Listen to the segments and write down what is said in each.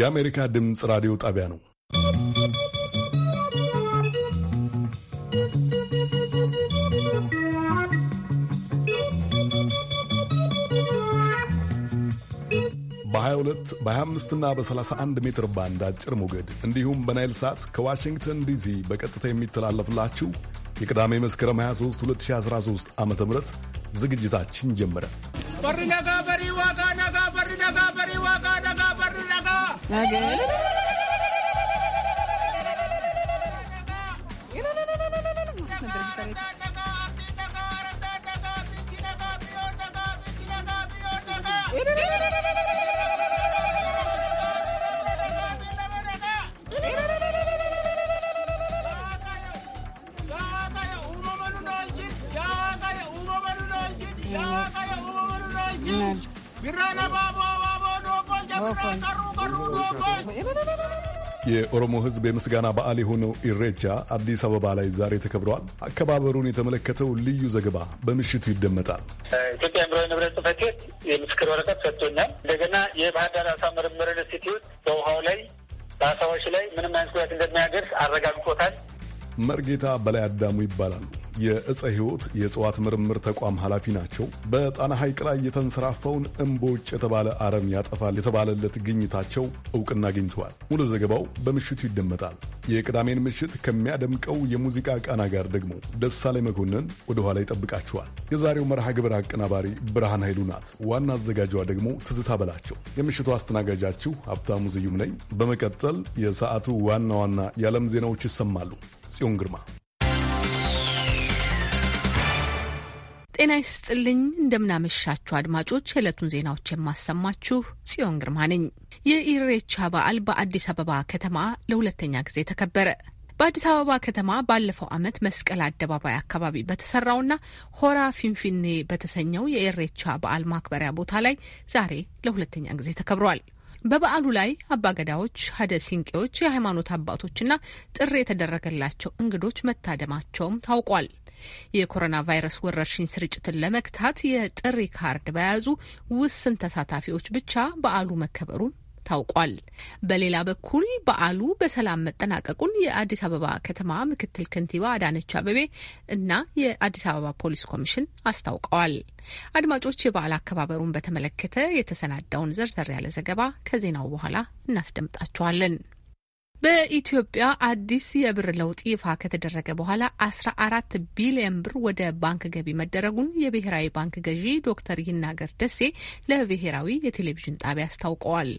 የአሜሪካ ድምፅ ራዲዮ ጣቢያ ነው። በ22 በ25 እና በ31 ሜትር ባንድ አጭር ሞገድ እንዲሁም በናይል ሳት ከዋሽንግተን ዲሲ በቀጥታ የሚተላለፍላችሁ የቅዳሜ መስከረም 23 2013 ዓ ም ዝግጅታችን ጀመረ። Barri nagaa barii waaqaa nagaa barri nagaa barii waaqaa nagaa barri nagaa. Thank you. የኦሮሞ ሕዝብ የምስጋና በዓል የሆነው ኢሬቻ አዲስ አበባ ላይ ዛሬ ተከብረዋል። አከባበሩን የተመለከተው ልዩ ዘገባ በምሽቱ ይደመጣል። ኢትዮጵያ አእምሯዊ ንብረት ጽሕፈት ቤት የምስክር ወረቀት ሰጥቶኛል። እንደገና የባህር ዳር አሳ ምርምር ኢንስቲትዩት በውሃው ላይ በአሳዎች ላይ ምንም አይነት ጉዳት እንደማያደርስ አረጋግጦታል። መርጌታ በላይ አዳሙ ይባላሉ። የእፀ ሕይወት የእጽዋት ምርምር ተቋም ኃላፊ ናቸው። በጣና ሐይቅ ላይ የተንሰራፈውን እምቦጭ የተባለ አረም ያጠፋል የተባለለት ግኝታቸው እውቅና አግኝተዋል። ሙሉ ዘገባው በምሽቱ ይደመጣል። የቅዳሜን ምሽት ከሚያደምቀው የሙዚቃ ቃና ጋር ደግሞ ደሳለኝ መኮንን ወደ ኋላ ይጠብቃችኋል። የዛሬው መርሃ ግብር አቀናባሪ ብርሃን ኃይሉ ናት። ዋና አዘጋጇ ደግሞ ትዝታ በላቸው። የምሽቱ አስተናጋጃችሁ ሀብታሙ ዝዩም ነኝ። በመቀጠል የሰዓቱ ዋና ዋና የዓለም ዜናዎች ይሰማሉ። ጽዮን ግርማ ጤና ይስጥልኝ። እንደምናመሻችሁ አድማጮች፣ የዕለቱን ዜናዎች የማሰማችሁ ጽዮን ግርማ ነኝ። የኢሬቻ በዓል በአዲስ አበባ ከተማ ለሁለተኛ ጊዜ ተከበረ። በአዲስ አበባ ከተማ ባለፈው ዓመት መስቀል አደባባይ አካባቢ በተሰራውና ሆራ ፊንፊኔ በተሰኘው የኢሬቻ በዓል ማክበሪያ ቦታ ላይ ዛሬ ለሁለተኛ ጊዜ ተከብሯል። በበዓሉ ላይ አባገዳዎች፣ ሀደ ሲንቄዎች፣ የሃይማኖት አባቶችና ጥሪ የተደረገላቸው እንግዶች መታደማቸውም ታውቋል። የኮሮና ቫይረስ ወረርሽኝ ስርጭትን ለመግታት የጥሪ ካርድ በያዙ ውስን ተሳታፊዎች ብቻ በዓሉ መከበሩን ታውቋል። በሌላ በኩል በዓሉ በሰላም መጠናቀቁን የአዲስ አበባ ከተማ ምክትል ከንቲባ አዳነች አበቤ እና የአዲስ አበባ ፖሊስ ኮሚሽን አስታውቀዋል። አድማጮች፣ የበዓል አከባበሩን በተመለከተ የተሰናዳውን ዘርዘር ያለ ዘገባ ከዜናው በኋላ እናስደምጣችኋለን። በኢትዮጵያ አዲስ የብር ለውጥ ይፋ ከተደረገ በኋላ 14 ቢሊዮን ብር ወደ ባንክ ገቢ መደረጉን የብሔራዊ ባንክ ገዢ ዶክተር ይናገር ደሴ ለብሔራዊ የቴሌቪዥን ጣቢያ አስታውቀዋል።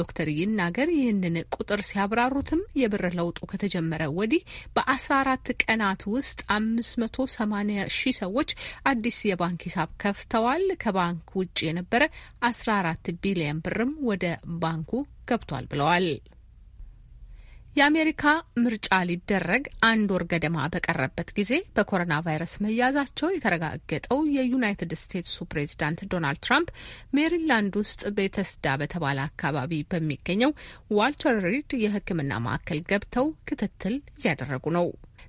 ዶክተር ይናገር ይህንን ቁጥር ሲያብራሩትም የብር ለውጡ ከተጀመረ ወዲህ በ14 ቀናት ውስጥ 580 ሺህ ሰዎች አዲስ የባንክ ሂሳብ ከፍተዋል። ከባንክ ውጭ የነበረ 14 ቢሊዮን ብርም ወደ ባንኩ ገብቷል ብለዋል። የአሜሪካ ምርጫ ሊደረግ አንድ ወር ገደማ በቀረበት ጊዜ በኮሮና ቫይረስ መያዛቸው የተረጋገጠው የዩናይትድ ስቴትሱ ፕሬዚዳንት ዶናልድ ትራምፕ ሜሪላንድ ውስጥ ቤተስዳ በተባለ አካባቢ በሚገኘው ዋልተር ሪድ የሕክምና ማዕከል ገብተው ክትትል እያደረጉ ነው።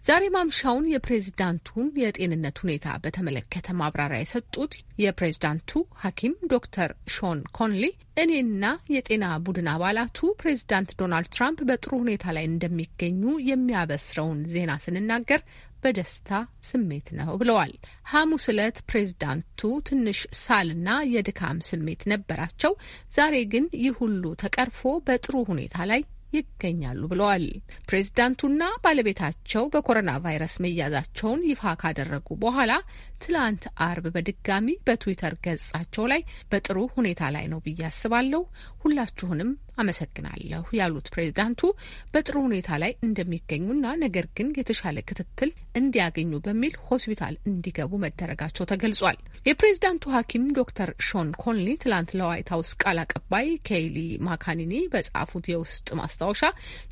ዛሬ ማምሻውን የፕሬዝዳንቱን የጤንነት ሁኔታ በተመለከተ ማብራሪያ የሰጡት የፕሬዝዳንቱ ሐኪም ዶክተር ሾን ኮንሊ እኔና የጤና ቡድን አባላቱ ፕሬዝዳንት ዶናልድ ትራምፕ በጥሩ ሁኔታ ላይ እንደሚገኙ የሚያበስረውን ዜና ስንናገር በደስታ ስሜት ነው ብለዋል። ሐሙስ ዕለት ፕሬዝዳንቱ ትንሽ ሳልና የድካም ስሜት ነበራቸው። ዛሬ ግን ይህ ሁሉ ተቀርፎ በጥሩ ሁኔታ ላይ ይገኛሉ ብለዋል። ፕሬዚዳንቱና ባለቤታቸው በኮሮና ቫይረስ መያዛቸውን ይፋ ካደረጉ በኋላ ትላንት አርብ በድጋሚ በትዊተር ገጻቸው ላይ በጥሩ ሁኔታ ላይ ነው ብዬ አስባለሁ፣ ሁላችሁንም አመሰግናለሁ ያሉት ፕሬዚዳንቱ በጥሩ ሁኔታ ላይ እንደሚገኙና ነገር ግን የተሻለ ክትትል እንዲያገኙ በሚል ሆስፒታል እንዲገቡ መደረጋቸው ተገልጿል። የፕሬዚዳንቱ ሐኪም ዶክተር ሾን ኮንሊ ትላንት ለዋይት ሀውስ ቃል አቀባይ ኬይሊ ማካኒኒ በጻፉት የውስጥ ማስታወሻ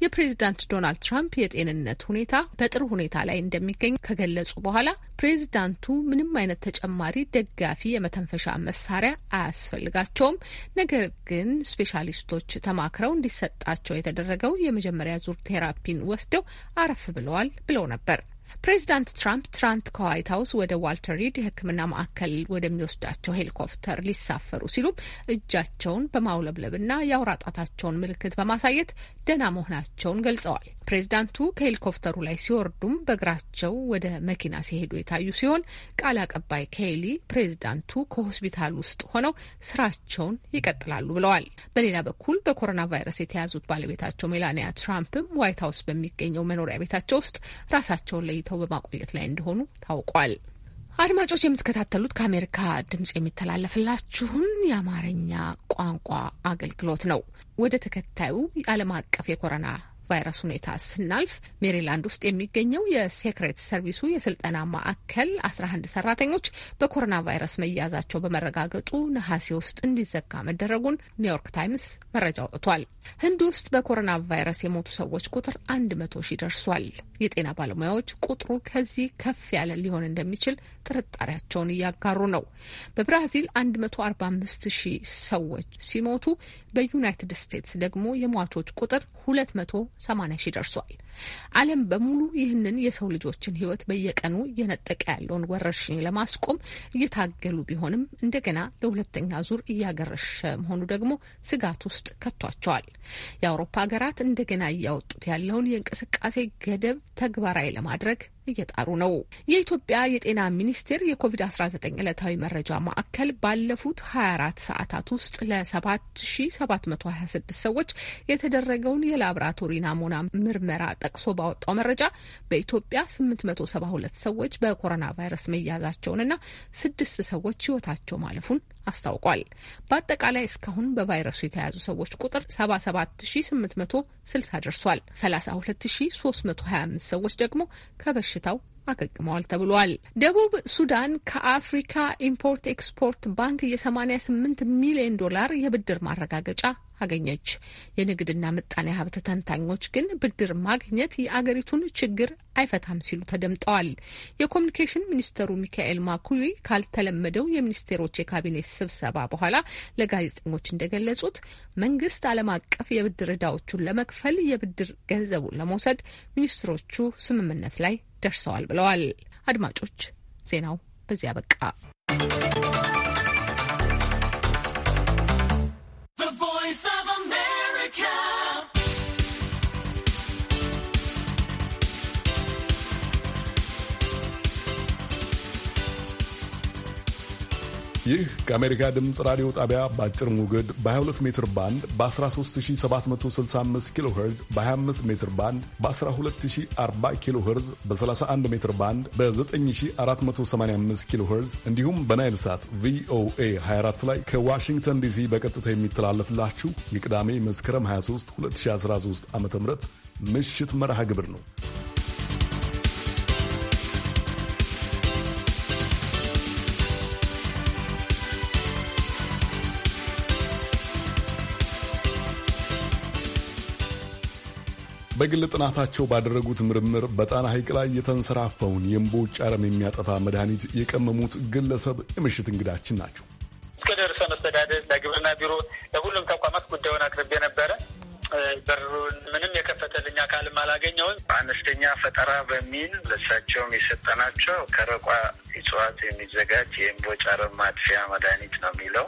የፕሬዚዳንት ዶናልድ ትራምፕ የጤንነት ሁኔታ በጥሩ ሁኔታ ላይ እንደሚገኝ ከገለጹ በኋላ ፕሬዚዳንቱ ምን ምንም አይነት ተጨማሪ ደጋፊ የመተንፈሻ መሳሪያ አያስፈልጋቸውም። ነገር ግን ስፔሻሊስቶች ተማክረው እንዲሰጣቸው የተደረገው የመጀመሪያ ዙር ቴራፒን ወስደው አረፍ ብለዋል ብለው ነበር። ፕሬዚዳንት ትራምፕ ትናንት ከዋይት ሀውስ ወደ ዋልተር ሪድ የሕክምና ማዕከል ወደሚወስዳቸው ሄሊኮፕተር ሊሳፈሩ ሲሉም እጃቸውን በማውለብለብና የአውራ ጣታቸውን ምልክት በማሳየት ደህና መሆናቸውን ገልጸዋል። ፕሬዝዳንቱ ከሄሊኮፕተሩ ላይ ሲወርዱም በእግራቸው ወደ መኪና ሲሄዱ የታዩ ሲሆን ቃል አቀባይ ኬሊ ፕሬዝዳንቱ ከሆስፒታል ውስጥ ሆነው ስራቸውን ይቀጥላሉ ብለዋል። በሌላ በኩል በኮሮና ቫይረስ የተያዙት ባለቤታቸው ሜላኒያ ትራምፕም ዋይት ሀውስ በሚገኘው መኖሪያ ቤታቸው ውስጥ ራሳቸውን ለይተው በማቆየት ላይ እንደሆኑ ታውቋል። አድማጮች የምትከታተሉት ከአሜሪካ ድምጽ የሚተላለፍላችሁን የአማርኛ ቋንቋ አገልግሎት ነው። ወደ ተከታዩ የዓለም አቀፍ የኮሮና ቫይረስ ሁኔታ ስናልፍ ሜሪላንድ ውስጥ የሚገኘው የሴክሬት ሰርቪሱ የስልጠና ማዕከል 11 ሰራተኞች በኮሮና ቫይረስ መያዛቸው በመረጋገጡ ነሐሴ ውስጥ እንዲዘጋ መደረጉን ኒውዮርክ ታይምስ መረጃ አውጥቷል። ህንድ ውስጥ በኮሮና ቫይረስ የሞቱ ሰዎች ቁጥር 100 ሺህ ደርሷል። የጤና ባለሙያዎች ቁጥሩ ከዚህ ከፍ ያለ ሊሆን እንደሚችል ጥርጣሬያቸውን እያጋሩ ነው። በብራዚል 145 ሺህ ሰዎች ሲሞቱ በዩናይትድ ስቴትስ ደግሞ የሟቾች ቁጥር 200 80 ሺህ ደርሷል። ዓለም በሙሉ ይህንን የሰው ልጆችን ህይወት በየቀኑ እየነጠቀ ያለውን ወረርሽኝ ለማስቆም እየታገሉ ቢሆንም እንደገና ለሁለተኛ ዙር እያገረሸ መሆኑ ደግሞ ስጋት ውስጥ ከቷቸዋል። የአውሮፓ ሀገራት እንደገና እያወጡት ያለውን የእንቅስቃሴ ገደብ ተግባራዊ ለማድረግ እየጣሩ ነው። የኢትዮጵያ የጤና ሚኒስቴር የኮቪድ-19 ዕለታዊ መረጃ ማዕከል ባለፉት 24 ሰዓታት ውስጥ ለ7726 ሰዎች የተደረገውን የላብራቶሪ ናሙና ምርመራ ጠቅሶ ባወጣው መረጃ በኢትዮጵያ 872 ሰዎች በኮሮና ቫይረስ መያዛቸውንና ስድስት ሰዎች ህይወታቸው ማለፉን አስታውቋል። በአጠቃላይ እስካሁን በቫይረሱ የተያዙ ሰዎች ቁጥር 77860 ደርሷል። 32325 ሰዎች ደግሞ ከበሽታው አገግመዋል ተብሏል። ደቡብ ሱዳን ከአፍሪካ ኢምፖርት ኤክስፖርት ባንክ የ88 ሚሊዮን ዶላር የብድር ማረጋገጫ አገኘች። የንግድና ምጣኔ ሀብት ተንታኞች ግን ብድር ማግኘት የአገሪቱን ችግር አይፈታም ሲሉ ተደምጠዋል። የኮሚኒኬሽን ሚኒስተሩ ሚካኤል ማኩዊ ካልተለመደው የሚኒስቴሮች የካቢኔት ስብሰባ በኋላ ለጋዜጠኞች እንደገለጹት መንግስት ዓለም አቀፍ የብድር እዳዎቹን ለመክፈል የብድር ገንዘቡን ለመውሰድ ሚኒስትሮቹ ስምምነት ላይ ደርሰዋል ብለዋል። አድማጮች ዜናው በዚያ በቃ። ይህ ከአሜሪካ ድምፅ ራዲዮ ጣቢያ በአጭር ሞገድ በ22 ሜትር ባንድ በ13765 ኪሎ ሄርዝ በ25 ሜትር ባንድ በ1240 ኪሎ ሄርዝ በ31 ሜትር ባንድ በ9485 ኪሎ ሄርዝ እንዲሁም በናይል ሳት ቪኦኤ 24 ላይ ከዋሽንግተን ዲሲ በቀጥታ የሚተላለፍላችሁ የቅዳሜ መስከረም 23 2013 ዓ ም ምሽት መርሃ ግብር ነው። በግል ጥናታቸው ባደረጉት ምርምር በጣና ሐይቅ ላይ የተንሰራፈውን የእምቦጭ አረም የሚያጠፋ መድኃኒት የቀመሙት ግለሰብ የምሽት እንግዳችን ናቸው። እስከ ደርሰ መስተዳደር ለግብርና ቢሮ ለሁሉም ተቋማት ጉዳዩን አቅርቤ ነበረ። በሩን ምንም የከፈተልኝ አካልም አላገኘውም። አነስተኛ ፈጠራ በሚል ለሳቸውም የሰጠናቸው ከረቋ እጽዋት የሚዘጋጅ የእምቦጭ አረም ማጥፊያ መድኃኒት ነው የሚለው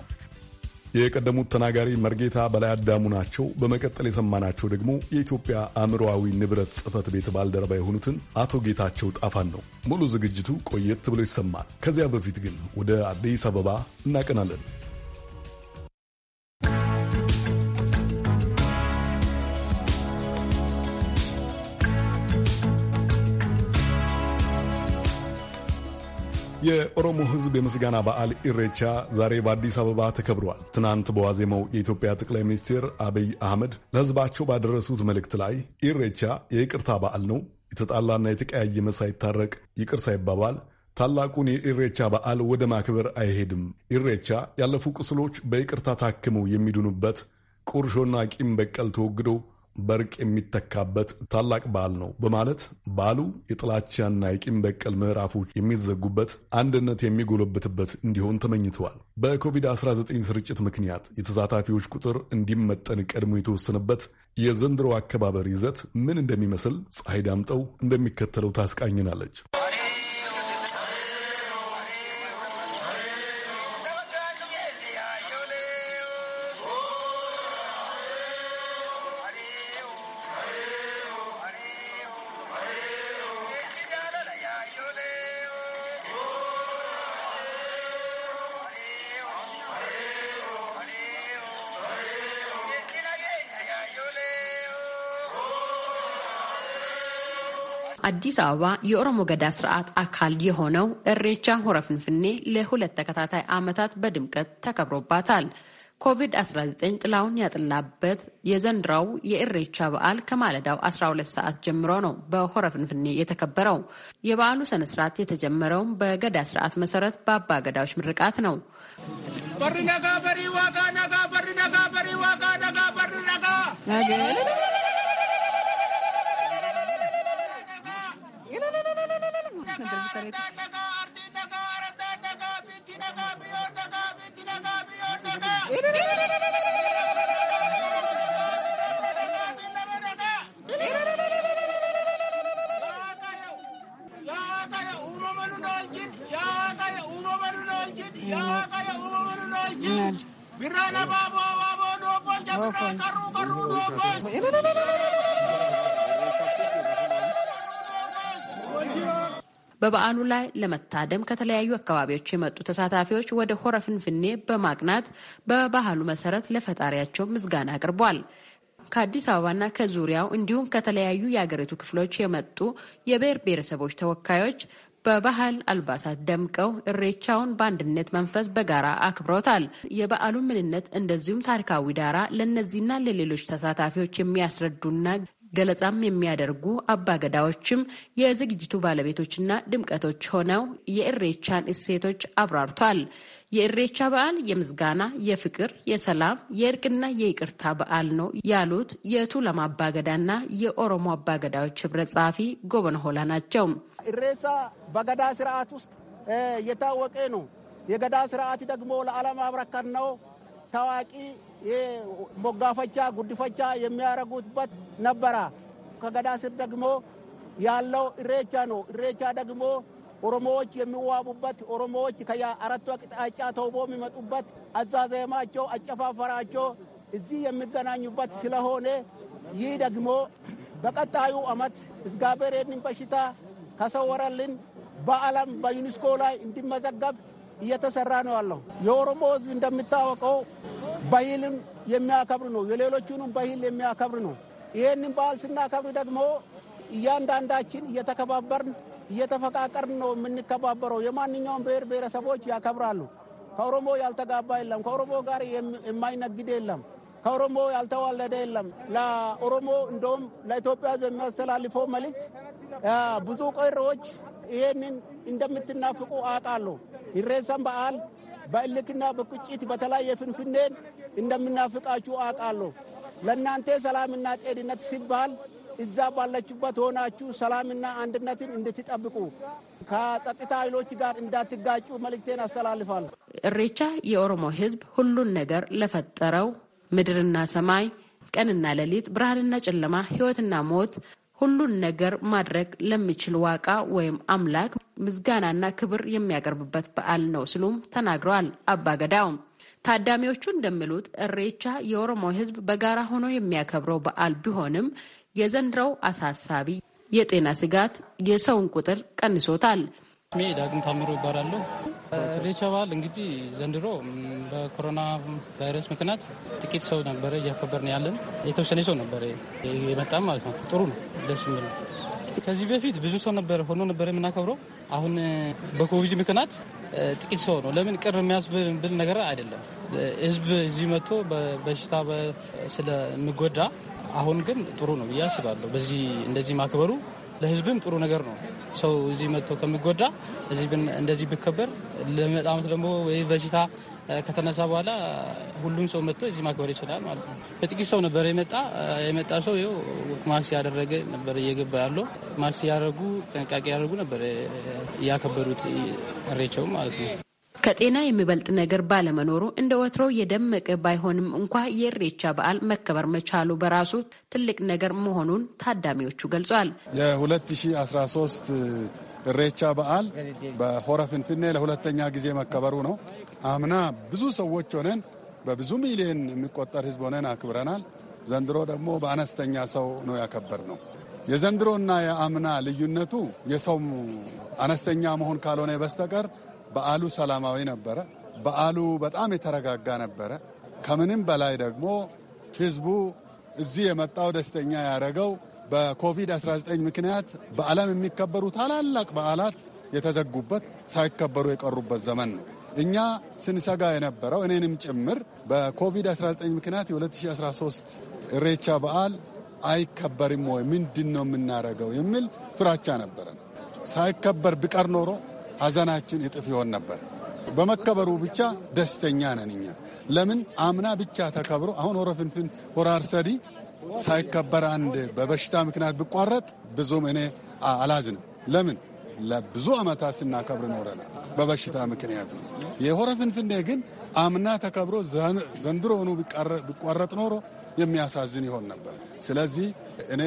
የቀደሙት ተናጋሪ መርጌታ በላይ አዳሙ ናቸው። በመቀጠል የሰማናቸው ደግሞ የኢትዮጵያ አእምሮዊ ንብረት ጽህፈት ቤት ባልደረባ የሆኑትን አቶ ጌታቸው ጣፋን ነው። ሙሉ ዝግጅቱ ቆየት ብሎ ይሰማል። ከዚያ በፊት ግን ወደ አዲስ አበባ እናቀናለን። የኦሮሞ ሕዝብ የምስጋና በዓል ኢሬቻ ዛሬ በአዲስ አበባ ተከብሯል። ትናንት በዋዜማው የኢትዮጵያ ጠቅላይ ሚኒስትር አብይ አህመድ ለሕዝባቸው ባደረሱት መልእክት ላይ ኢሬቻ የይቅርታ በዓል ነው፣ የተጣላና የተቀያየመ ሳይታረቅ ይቅር ሳይባባል ታላቁን የኢሬቻ በዓል ወደ ማክበር አይሄድም። ኢሬቻ ያለፉ ቁስሎች በይቅርታ ታክመው የሚድኑበት ቁርሾና ቂም በቀል ተወግደው በርቅ የሚተካበት ታላቅ በዓል ነው በማለት በዓሉ የጥላቻና የቂም በቀል ምዕራፎች የሚዘጉበት፣ አንድነት የሚጎለብትበት እንዲሆን ተመኝተዋል። በኮቪድ-19 ስርጭት ምክንያት የተሳታፊዎች ቁጥር እንዲመጠን ቀድሞ የተወሰነበት የዘንድሮ አከባበር ይዘት ምን እንደሚመስል ፀሐይ ዳምጠው እንደሚከተለው ታስቃኝናለች። አዲስ አበባ የኦሮሞ ገዳ ስርዓት አካል የሆነው እሬቻ ሆረ ፍንፍኔ ለሁለት ተከታታይ ዓመታት በድምቀት ተከብሮባታል። ኮቪድ-19 ጥላውን ያጥላበት የዘንድሮው የእሬቻ በዓል ከማለዳው 12 ሰዓት ጀምሮ ነው በሆረ ፍንፍኔ የተከበረው። የበዓሉ ስነ ስርዓት የተጀመረውም በገዳ ስርዓት መሰረት በአባ ገዳዎች ምርቃት ነው። ነጋ በሪ ዋጋ ነጋ በሪ ነጋ በሪ ዋጋ ነጋ በሪ ነጋ Birana babo babo no bolja birana karu karu no bolja. በበዓሉ ላይ ለመታደም ከተለያዩ አካባቢዎች የመጡ ተሳታፊዎች ወደ ሆረ ፍንፍኔ በማቅናት በባህሉ መሰረት ለፈጣሪያቸው ምስጋና አቅርቧል። ከአዲስ አበባና ከዙሪያው እንዲሁም ከተለያዩ የአገሪቱ ክፍሎች የመጡ የብሔር ብሔረሰቦች ተወካዮች በባህል አልባሳት ደምቀው እሬቻውን በአንድነት መንፈስ በጋራ አክብረውታል። የበዓሉን ምንነት እንደዚሁም ታሪካዊ ዳራ ለእነዚህና ለሌሎች ተሳታፊዎች የሚያስረዱና ገለጻም የሚያደርጉ አባገዳዎችም የዝግጅቱ ባለቤቶችና ድምቀቶች ሆነው የእሬቻን እሴቶች አብራርቷል። የእሬቻ በዓል የምዝጋና፣ የፍቅር፣ የሰላም፣ የእርቅና የይቅርታ በዓል ነው ያሉት የቱለማ አባገዳና የኦሮሞ አባገዳዎች ህብረት ጸሐፊ ጎበነ ሆላ ናቸው። እሬሳ በገዳ ስርዓት ውስጥ የታወቀ ነው። የገዳ ስርዓት ደግሞ ለዓለም አብረከት ነው ታዋቂ ሞጋፈቻ፣ ጉድፈቻ የሚያደርጉበት ነበረ። ከገዳ ስር ደግሞ ያለው እሬቻ ነው። እሬቻ ደግሞ ኦሮሞዎች የሚዋቡበት ኦሮሞዎች ከየአራቱ አቅጣጫ ተውቦ የሚመጡበት አዛዘማቸው፣ አጨፋፈራቸው እዚህ የሚገናኙበት ስለሆነ ይህ ደግሞ በቀጣዩ ዓመት እግዚአብሔር ይህንን በሽታ ከሰወረልን በዓለም በዩኒስኮ ላይ እንዲመዘገብ እየተሰራ ነው ያለው። የኦሮሞ ህዝብ እንደሚታወቀው ባህልን የሚያከብር ነው፣ የሌሎቹንም ባህል የሚያከብር ነው። ይህንን ባህል ስናከብር ደግሞ እያንዳንዳችን እየተከባበርን እየተፈቃቀርን ነው የምንከባበረው። የማንኛውም ብሔር ብሔረሰቦች ያከብራሉ። ከኦሮሞ ያልተጋባ የለም፣ ከኦሮሞ ጋር የማይነግድ የለም፣ ከኦሮሞ ያልተዋለደ የለም። ለኦሮሞ እንደውም ለኢትዮጵያ ህዝብ የሚያስተላልፈው መልእክት ብዙ ቆይሮዎች ይሄንን እንደምትናፍቁ አውቃለሁ። ይሬሰን በዓል በእልክና በቁጭት በተለያየ ፍንፍኔን እንደምናፍቃችሁ አውቃለሁ። ለእናንተ ሰላምና ጤንነት ሲባል እዛ ባለችበት ሆናችሁ ሰላምና አንድነትን እንድትጠብቁ ከጸጥታ ኃይሎች ጋር እንዳትጋጩ መልእክቴን አስተላልፋለሁ። እሬቻ የኦሮሞ ሕዝብ ሁሉን ነገር ለፈጠረው ምድርና ሰማይ፣ ቀንና ሌሊት፣ ብርሃንና ጨለማ፣ ህይወትና ሞት ሁሉን ነገር ማድረግ ለሚችል ዋቃ ወይም አምላክ ምስጋናና ክብር የሚያቀርብበት በዓል ነው ሲሉም ተናግረዋል። አባገዳውም ታዳሚዎቹ እንደሚሉት እሬቻ የኦሮሞ ሕዝብ በጋራ ሆኖ የሚያከብረው በዓል ቢሆንም የዘንድሮው አሳሳቢ የጤና ስጋት የሰውን ቁጥር ቀንሶታል። ስሜ ዳግም ታምሮ ይባላለሁ። ኢሬቻ በዓል እንግዲህ ዘንድሮ በኮሮና ቫይረስ ምክንያት ጥቂት ሰው ነበረ እያከበርን ያለን፣ የተወሰነ ሰው ነበረ የመጣም ማለት ነው። ጥሩ ነው፣ ደስ የሚል ነው። ከዚህ በፊት ብዙ ሰው ነበረ ሆኖ ነበረ የምናከብረው። አሁን በኮቪድ ምክንያት ጥቂት ሰው ነው። ለምን ቅር የሚያስብል ነገር አይደለም። ህዝብ እዚህ መጥቶ በሽታ ስለሚጎዳ አሁን ግን ጥሩ ነው ብዬ አስባለሁ። በዚህ እንደዚህ ማክበሩ ለህዝብም ጥሩ ነገር ነው። ሰው እዚህ መጥቶ ከሚጎዳ እንደዚህ ቢከበር ለመጣመት ደግሞ ወይ በሽታ ከተነሳ በኋላ ሁሉም ሰው መጥቶ እዚህ ማክበር ይችላል ማለት ነው። በጥቂት ሰው ነበር የመጣ የመጣ ሰው ይኸው ማክስ ያደረገ ነበር እየገባ ያለው ማክስ ያደረጉ ጥንቃቄ ያደረጉ ነበር እያከበሩት እሬቻው ማለት ነው። ከጤና የሚበልጥ ነገር ባለመኖሩ እንደ ወትሮ የደመቀ ባይሆንም እንኳ የእሬቻ በዓል መከበር መቻሉ በራሱ ትልቅ ነገር መሆኑን ታዳሚዎቹ ገልጿል። የ2013 እሬቻ በዓል በሆረ ፍንፍኔ ለሁለተኛ ጊዜ መከበሩ ነው። አምና ብዙ ሰዎች ሆነን በብዙ ሚሊዮን የሚቆጠር ህዝብ ሆነን አክብረናል። ዘንድሮ ደግሞ በአነስተኛ ሰው ነው ያከበር ነው። የዘንድሮና የአምና ልዩነቱ የሰው አነስተኛ መሆን ካልሆነ በስተቀር በዓሉ ሰላማዊ ነበረ። በዓሉ በጣም የተረጋጋ ነበረ። ከምንም በላይ ደግሞ ህዝቡ እዚህ የመጣው ደስተኛ ያደረገው በኮቪድ-19 ምክንያት በዓለም የሚከበሩ ታላላቅ በዓላት የተዘጉበት ሳይከበሩ የቀሩበት ዘመን ነው። እኛ ስንሰጋ የነበረው እኔንም ጭምር በኮቪድ-19 ምክንያት የ2013 እሬቻ በዓል አይከበርም ወይ ምንድን ነው የምናደርገው የሚል ፍራቻ ነበረ። ሳይከበር ብቀር ኖሮ ሀዘናችን እጥፍ ይሆን ነበር። በመከበሩ ብቻ ደስተኛ ነን እኛ። ለምን አምና ብቻ ተከብሮ አሁን ወረፍንፍን ፍንፍን ሆረ ሳይከበር አንድ በበሽታ ምክንያት ብቋረጥ ብዙም እኔ አላዝንም። ለምን ለብዙ ዓመታት ስናከብር ኖረናል። በበሽታ ምክንያት ነው። የሆረ ፍንፍኔ ግን አምና ተከብሮ ዘንድሮ ዘንድሮውኑ ቢቋረጥ ኖሮ የሚያሳዝን ይሆን ነበር። ስለዚህ እኔ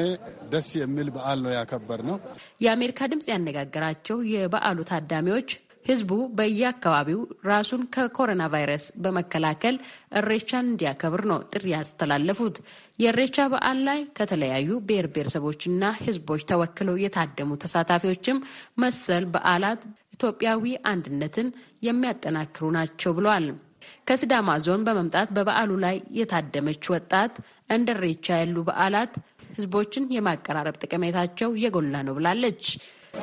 ደስ የሚል በዓል ነው ያከበር ነው። የአሜሪካ ድምፅ ያነጋገራቸው የበዓሉ ታዳሚዎች ህዝቡ በየአካባቢው ራሱን ከኮሮና ቫይረስ በመከላከል እሬቻን እንዲያከብር ነው ጥሪ ያስተላለፉት። የእሬቻ በዓል ላይ ከተለያዩ ብሔር ብሔረሰቦችና ህዝቦች ተወክለው የታደሙ ተሳታፊዎችም መሰል በዓላት ኢትዮጵያዊ አንድነትን የሚያጠናክሩ ናቸው ብለዋል። ከሲዳማ ዞን በመምጣት በበዓሉ ላይ የታደመች ወጣት እንደሬቻ ያሉ በዓላት ህዝቦችን የማቀራረብ ጠቀሜታቸው የጎላ ነው ብላለች።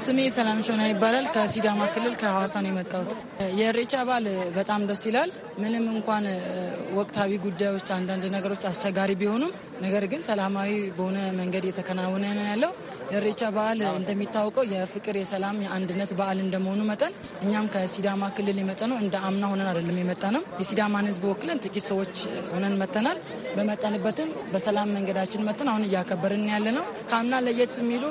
ስሜ ሰላም ሾና ይባላል። ከሲዳማ ክልል ከሐዋሳ ነው የመጣሁት። የእሬቻ በዓል በጣም ደስ ይላል። ምንም እንኳን ወቅታዊ ጉዳዮች፣ አንዳንድ ነገሮች አስቸጋሪ ቢሆኑም ነገር ግን ሰላማዊ በሆነ መንገድ እየተከናወነ ነው ያለው። የእሬቻ በዓል እንደሚታወቀው የፍቅር፣ የሰላም፣ የአንድነት በዓል እንደመሆኑ መጠን እኛም ከሲዳማ ክልል የመጠነው እንደ አምና ሆነን አይደለም የመጣ ነው። የሲዳማን ህዝብ ወክለን ጥቂት ሰዎች ሆነን መጥተናል። በመጠንበትም በሰላም መንገዳችን መተን አሁን እያከበርን ያለ ነው። ከአምና ለየት የሚሉ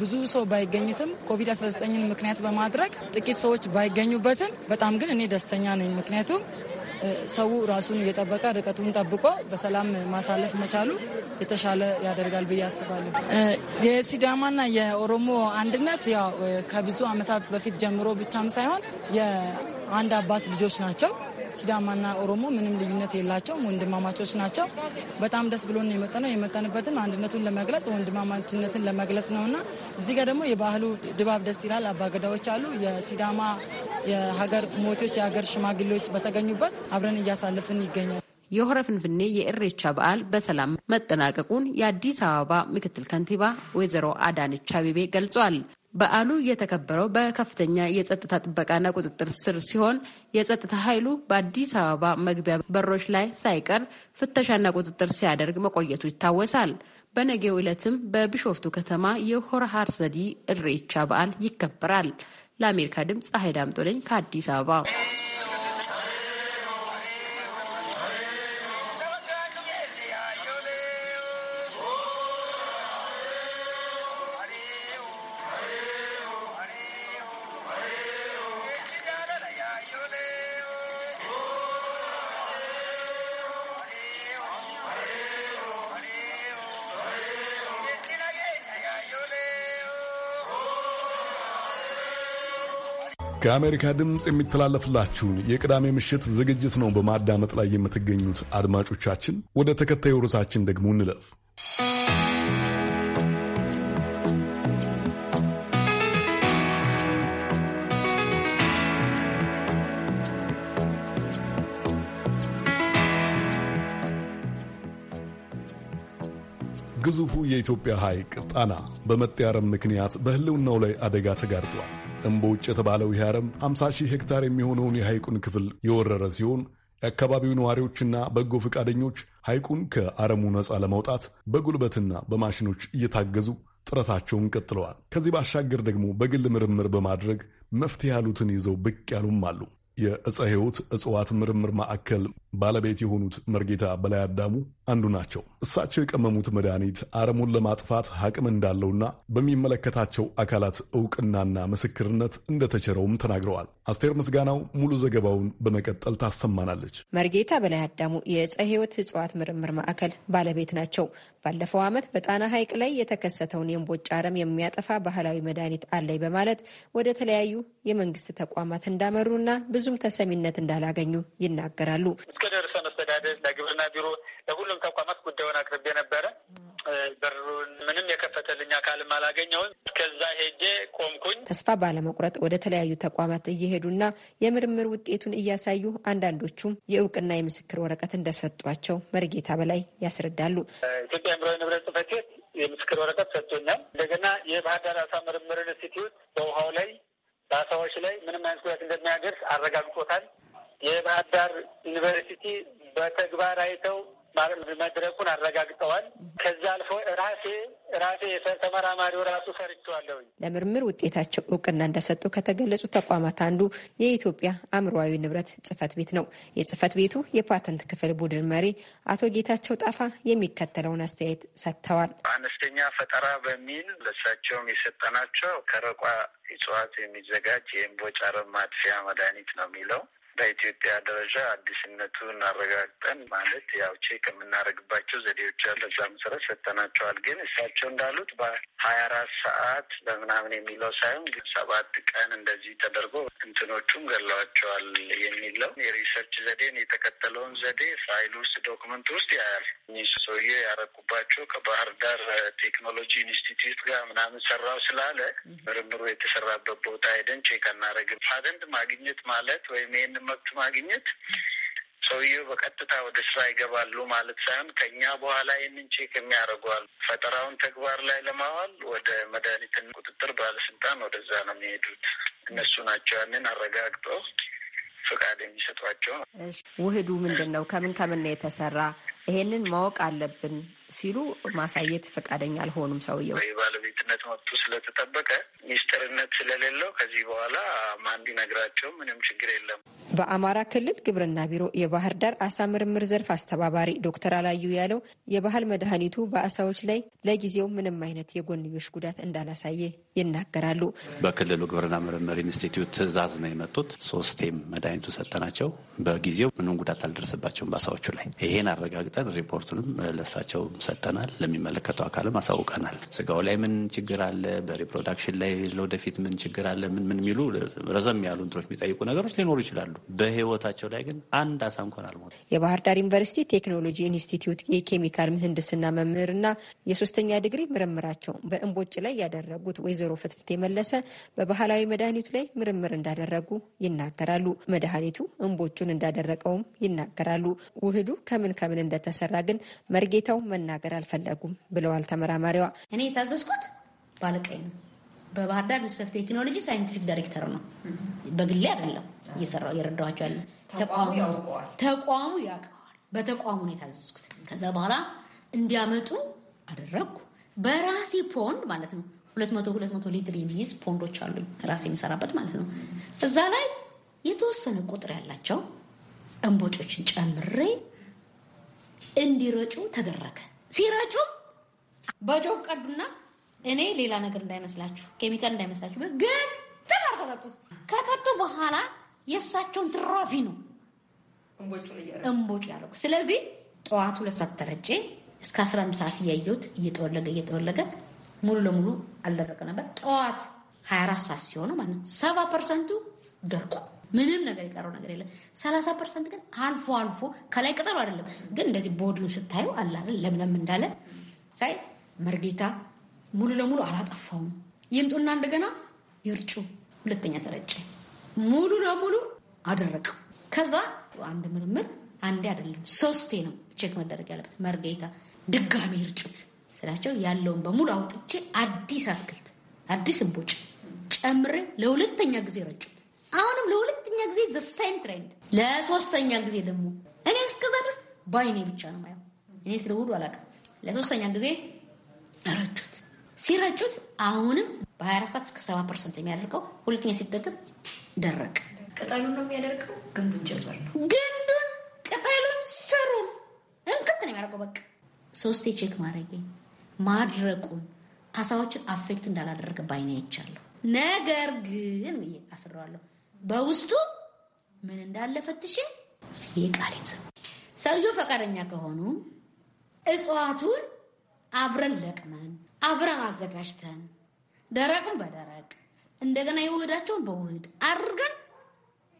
ብዙ ሰው ባይገኝትም ኮቪድ-19ን ምክንያት በማድረግ ጥቂት ሰዎች ባይገኙበትም በጣም ግን እኔ ደስተኛ ነኝ። ምክንያቱም ሰው ራሱን እየጠበቀ ርቀቱን ጠብቆ በሰላም ማሳለፍ መቻሉ የተሻለ ያደርጋል ብዬ አስባለሁ። የሲዳማና የኦሮሞ አንድነት ያው ከብዙ ዓመታት በፊት ጀምሮ ብቻም ሳይሆን የአንድ አባት ልጆች ናቸው። ሲዳማና ኦሮሞ ምንም ልዩነት የላቸውም፣ ወንድማማቾች ናቸው። በጣም ደስ ብሎን የመጣ ነው። የመጣንበትም አንድነቱን ለመግለጽ ወንድማማችነትን ለመግለጽ ነውና እዚህ ጋር ደግሞ የባህሉ ድባብ ደስ ይላል። አባገዳዎች አሉ። የሲዳማ የሀገር ሞቶች፣ የሀገር ሽማግሌዎች በተገኙበት አብረን እያሳልፍን ይገኛል። የሆረ ፍንፍኔ የእሬቻ በዓል በሰላም መጠናቀቁን የአዲስ አበባ ምክትል ከንቲባ ወይዘሮ አዳነች አቤቤ ገልጿል። በዓሉ የተከበረው በከፍተኛ የጸጥታ ጥበቃና ቁጥጥር ስር ሲሆን የጸጥታ ኃይሉ በአዲስ አበባ መግቢያ በሮች ላይ ሳይቀር ፍተሻና ቁጥጥር ሲያደርግ መቆየቱ ይታወሳል። በነገው ዕለትም በቢሾፍቱ ከተማ የሆረ ሃርሰዲ እሬቻ በዓል ይከበራል። ለአሜሪካ ድምፅ ፀሐይ ዳምጦ ነኝ ከአዲስ አበባ ከአሜሪካ ድምፅ የሚተላለፍላችሁን የቅዳሜ ምሽት ዝግጅት ነው በማዳመጥ ላይ የምትገኙት አድማጮቻችን። ወደ ተከታዩ ርዕሳችን ደግሞ እንለፍ። ግዙፉ የኢትዮጵያ ሐይቅ ጣና በመጤ አረም ምክንያት በሕልውናው ላይ አደጋ ተጋርጧል። እምቦጭ የተባለው ይህ አረም 50 ሺህ ሄክታር የሚሆነውን የሐይቁን ክፍል የወረረ ሲሆን የአካባቢው ነዋሪዎችና በጎ ፈቃደኞች ሐይቁን ከአረሙ ነፃ ለማውጣት በጉልበትና በማሽኖች እየታገዙ ጥረታቸውን ቀጥለዋል። ከዚህ ባሻገር ደግሞ በግል ምርምር በማድረግ መፍትሄ ያሉትን ይዘው ብቅ ያሉም አሉ። የእፀ ሕይወት እጽዋት ምርምር ማዕከል ባለቤት የሆኑት መርጌታ በላይ አዳሙ አንዱ ናቸው። እሳቸው የቀመሙት መድኃኒት አረሙን ለማጥፋት አቅም እንዳለውና በሚመለከታቸው አካላት እውቅናና ምስክርነት እንደተቸረውም ተናግረዋል። አስቴር ምስጋናው ሙሉ ዘገባውን በመቀጠል ታሰማናለች። መርጌታ በላይ አዳሙ የዕፀ ሕይወት እጽዋት ምርምር ማዕከል ባለቤት ናቸው። ባለፈው ዓመት በጣና ሐይቅ ላይ የተከሰተውን የእምቦጭ አረም የሚያጠፋ ባህላዊ መድኃኒት አለኝ በማለት ወደ ተለያዩ የመንግስት ተቋማት እንዳመሩና ብዙም ተሰሚነት እንዳላገኙ ይናገራሉ። እስከ ደርሰ መስተዳደር ለግብርና ቢሮ ለሁሉም ተቋማት ጉዳዩን አቅርቤ ነበረ። በሩን ምንም የከፈተልኝ አካልም አላገኘውን እስከዛ ሄጄ ቆምኩኝ። ተስፋ ባለመቁረጥ ወደ ተለያዩ ተቋማት እየሄዱና የምርምር ውጤቱን እያሳዩ አንዳንዶቹም የእውቅና የምስክር ወረቀት እንደሰጧቸው መርጌታ በላይ ያስረዳሉ። ኢትዮጵያ አእምሯዊ ንብረት ጽሕፈት ቤት የምስክር ወረቀት ሰጥቶኛል። እንደገና የባህር ዳር አሳ ምርምር ኢንስቲትዩት በውሃው ላይ በአሳዎች ላይ ምንም አይነት ጉዳት እንደሚያደርስ አረጋግጦታል። የባህር ዳር ዩኒቨርሲቲ በተግባር አይተው መድረኩን አረጋግጠዋል። ከዚ አልፎ ራሴ ራሴ ተመራማሪው ራሱ ሰርቸዋለሁኝ። ለምርምር ውጤታቸው እውቅና እንደሰጡ ከተገለጹ ተቋማት አንዱ የኢትዮጵያ አእምሯዊ ንብረት ጽህፈት ቤት ነው። የጽህፈት ቤቱ የፓተንት ክፍል ቡድን መሪ አቶ ጌታቸው ጣፋ የሚከተለውን አስተያየት ሰጥተዋል። አነስተኛ ፈጠራ በሚል ለሳቸውም የሰጠናቸው ከረቋ እጽዋት የሚዘጋጅ የእምቦጭ አረም ማጥፊያ መድኃኒት ነው የሚለው በኢትዮጵያ ደረጃ አዲስነቱን አረጋግጠን ማለት ያው ቼክ የምናደርግባቸው ዘዴዎች ያለ እዛ መሰረት ሰጥተናቸዋል። ግን እሳቸው እንዳሉት በሀያ አራት ሰዓት በምናምን የሚለው ሳይሆን ግን ሰባት ቀን እንደዚህ ተደርጎ እንትኖቹም ገለዋቸዋል የሚለው የሪሰርች ዘዴን የተከተለውን ዘዴ ፋይል ውስጥ ዶክመንት ውስጥ ያያል። እኚህ ሰውዬ ያረኩባቸው ከባህር ዳር ቴክኖሎጂ ኢንስቲትዩት ጋር ምናምን ሰራው ስላለ ምርምሩ የተሰራበት ቦታ ሄደን ቼክ አናደርግም። ፓተንት ማግኘት ማለት ወይም ይህን መብት ማግኘት ሰውዬው በቀጥታ ወደ ስራ ይገባሉ ማለት ሳይሆን ከኛ በኋላ ይህንን ቼክ የሚያደርጓል። ፈጠራውን ተግባር ላይ ለማዋል ወደ መድኃኒትን ቁጥጥር ባለስልጣን ወደዛ ነው የሚሄዱት። እነሱ ናቸው ያንን አረጋግጠው ፍቃድ የሚሰጧቸው ውህዱ ምንድን ነው? ከምን ከምን ነው የተሰራ? ይሄንን ማወቅ አለብን ሲሉ ማሳየት ፈቃደኛ አልሆኑም። ሰውየው የባለቤትነት መብቱ ስለተጠበቀ ሚስጥርነት ስለሌለው ከዚህ በኋላ ማን ቢነግራቸው ምንም ችግር የለም። በአማራ ክልል ግብርና ቢሮ የባህር ዳር አሳ ምርምር ዘርፍ አስተባባሪ ዶክተር አላዩ ያለው የባህል መድኃኒቱ በአሳዎች ላይ ለጊዜው ምንም አይነት የጎንዮሽ ጉዳት እንዳላሳየ ይናገራሉ። በክልሉ ግብርና ምርምር ኢንስቲትዩት ትዕዛዝ ነው የመጡት። ሶስቴም መድኃኒቱ ሰጠናቸው። በጊዜው ምንም ጉዳት አልደረሰባቸውም በአሳዎቹ ላይ። ይሄን አረጋግጠን ሪፖርቱንም ለሳቸው ሰጥተናል። ለሚመለከተው አካልም አሳውቀናል። ስጋው ላይ ምን ችግር አለ፣ በሪፕሮዳክሽን ላይ ለወደፊት ምን ችግር አለ፣ ምን ምን የሚሉ ረዘም ያሉ እንትኖች የሚጠይቁ ነገሮች ሊኖሩ ይችላሉ። በህይወታቸው ላይ ግን አንድ አሳ እንኳን አልሞት። የባህር ዳር ዩኒቨርሲቲ ቴክኖሎጂ ኢንስቲትዩት የኬሚካል ምህንድስና መምህርና የሶስተኛ ዲግሪ ምርምራቸው በእንቦጭ ላይ ያደረጉት ወይዘሮ ፍትፍት የመለሰ በባህላዊ መድኃኒቱ ላይ ምርምር እንዳደረጉ ይናገራሉ። መድኃኒቱ እንቦቹን እንዳደረቀውም ይናገራሉ። ውህዱ ከምን ከምን እንደተሰራ ግን መርጌታው መና መናገር አልፈለጉም ብለዋል ተመራማሪዋ። እኔ የታዘዝኩት ባለቀኝ ነው። በባህር ዳር ኢንስቲትዩት ቴክኖሎጂ ሳይንቲፊክ ዳይሬክተር ነው። በግሌ አይደለም እየሰራው እየረዳኋቸው ያለ ተቋሙ ያውቀዋል። በተቋሙ ነው የታዘዝኩት። ከዛ በኋላ እንዲያመጡ አደረግኩ። በራሴ ፖንድ ማለት ነው ሁለት መቶ ሁለት መቶ ሊትር የሚይዝ ፖንዶች አሉኝ ራሴ የሚሰራበት ማለት ነው። እዛ ላይ የተወሰነ ቁጥር ያላቸው እንቦጮችን ጨምሬ እንዲረጩ ተደረገ። ሲረጩ በጆብ ቀዱና እኔ ሌላ ነገር እንዳይመስላችሁ ኬሚካል እንዳይመስላችሁ ብለው ግን ተማር ከጠጡት ከጠጡ በኋላ የእሳቸውን ትራፊ ነው እምቦጭ ያደረጉ። ስለዚህ ጠዋት ሁለት ሰዓት እስከ አስራ ሰዓት እያየሁት እየጠወለገ እየጠወለገ ሙሉ ለሙሉ አልደረቀ ነበር። ጠዋት ሀያ አራት ሰዓት ሲሆነ ማለት ነው ሰባ ፐርሰንቱ ደርቋል። ምንም ነገር የቀረው ነገር የለም። ሰላሳ ፐርሰንት ግን አልፎ አልፎ ከላይ ቅጠሉ አይደለም ግን እንደዚህ ቦድኑ ስታዩ አላለ ለምለም እንዳለ ሳይ መርጌታ ሙሉ ለሙሉ አላጠፋውም። ይንጡና እንደገና ይርጩ። ሁለተኛ ተረጨ። ሙሉ ለሙሉ አደረቀው። ከዛ አንድ ምርምር አንዴ አይደለም ሶስቴ ነው ቼክ መደረግ ያለበት። መርጌታ ድጋሚ ይርጩት ስላቸው ያለውን በሙሉ አውጥቼ አዲስ አትክልት አዲስ እንቦጭ ጨምሬ ለሁለተኛ ጊዜ ረጩ። አሁንም ለሁለተኛ ጊዜ ዘሳይን ትሬንድ ለሶስተኛ ጊዜ ደግሞ እኔ እስከዛ ድረስ ባይኔ ብቻ ነው ማየው። እኔ ስለ ውዱ አላውቅም። ለሶስተኛ ጊዜ ረጩት። ሲረጩት አሁንም በ24 ሰዓት እስከ 7 ፐርሰንት የሚያደርገው ሁለተኛ ሲደገም ደረቅ ቅጠሉን ነው የሚያደርገው። ግንዱን ጀበር ነው ግንዱን፣ ቅጠሉን፣ ስሩን እንክት ነው የሚያደርገው። በቃ ሶስቴ ቼክ ማድረጌ ማድረቁን አሳዎችን አፌክት እንዳላደረገ ባይኔ ይቻለሁ። ነገር ግን ብዬ አስረዋለሁ በውስጡ ምን እንዳለ ፈትሼ የቃሌን ሰው ሰውየው ፈቃደኛ ከሆኑ እጽዋቱን አብረን ለቅመን አብረን አዘጋጅተን ደረቁን በደረቅ እንደገና የውህዳቸውን በውህድ አድርገን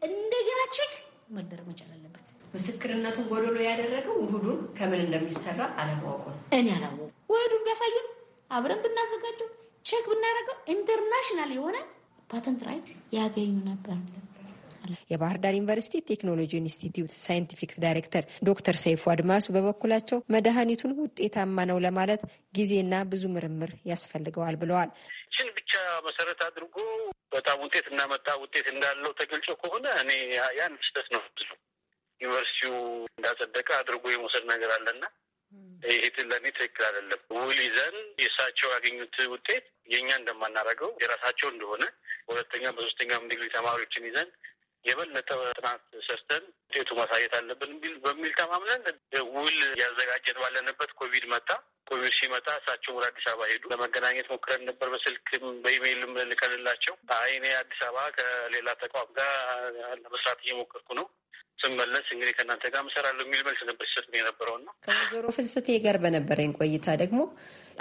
እንደገና ቼክ መደረግ መቻል አለበት። ምስክርነቱን ጎዶሎ ያደረገው ውህዱን ከምን እንደሚሰራ አለማወቁ እኔ አላወቁ። ውህዱን ቢያሳዩን አብረን ብናዘጋጀው ቼክ ብናደርገው ኢንተርናሽናል የሆነ ፓተንት ራይት ያገኙ ነበር። የባህር ዳር ዩኒቨርሲቲ ቴክኖሎጂ ኢንስቲትዩት ሳይንቲፊክ ዳይሬክተር ዶክተር ሰይፉ አድማሱ በበኩላቸው መድኃኒቱን ውጤታማ ነው ለማለት ጊዜና ብዙ ምርምር ያስፈልገዋል ብለዋል። ችን ብቻ መሰረት አድርጎ በጣም ውጤት እናመጣ ውጤት እንዳለው ተገልጾ ከሆነ እኔ ያን ስህተት ነው ዩኒቨርሲቲው እንዳጸደቀ አድርጎ የመውሰድ ነገር አለና ይሄ ለእኔ ትክክል አይደለም። ውል ይዘን የእሳቸው ያገኙት ውጤት የእኛ እንደማናደርገው የራሳቸው እንደሆነ በሁለተኛ በሶስተኛም ዲግሪ ተማሪዎችን ይዘን የበለጠ ጥናት ሰርተን ውጤቱ ማሳየት አለብን በሚል ተማምነን ውል ያዘጋጀን ባለንበት ኮቪድ መጣ። ኮቪድ ሲመጣ እሳቸው ወደ አዲስ አበባ ሄዱ። ለመገናኘት ሞክረን ነበር፣ በስልክም በኢሜይልም ልከልላቸው። አይ እኔ አዲስ አበባ ከሌላ ተቋም ጋር ለመስራት እየሞከርኩ ነው ስመለስ እንግዲህ ከእናንተ ጋር ምሰራለሁ የሚል መልስ ነበር ሲሰጥ የነበረው እና ከወይዘሮ ፍትፍቴ ጋር በነበረኝ ቆይታ ደግሞ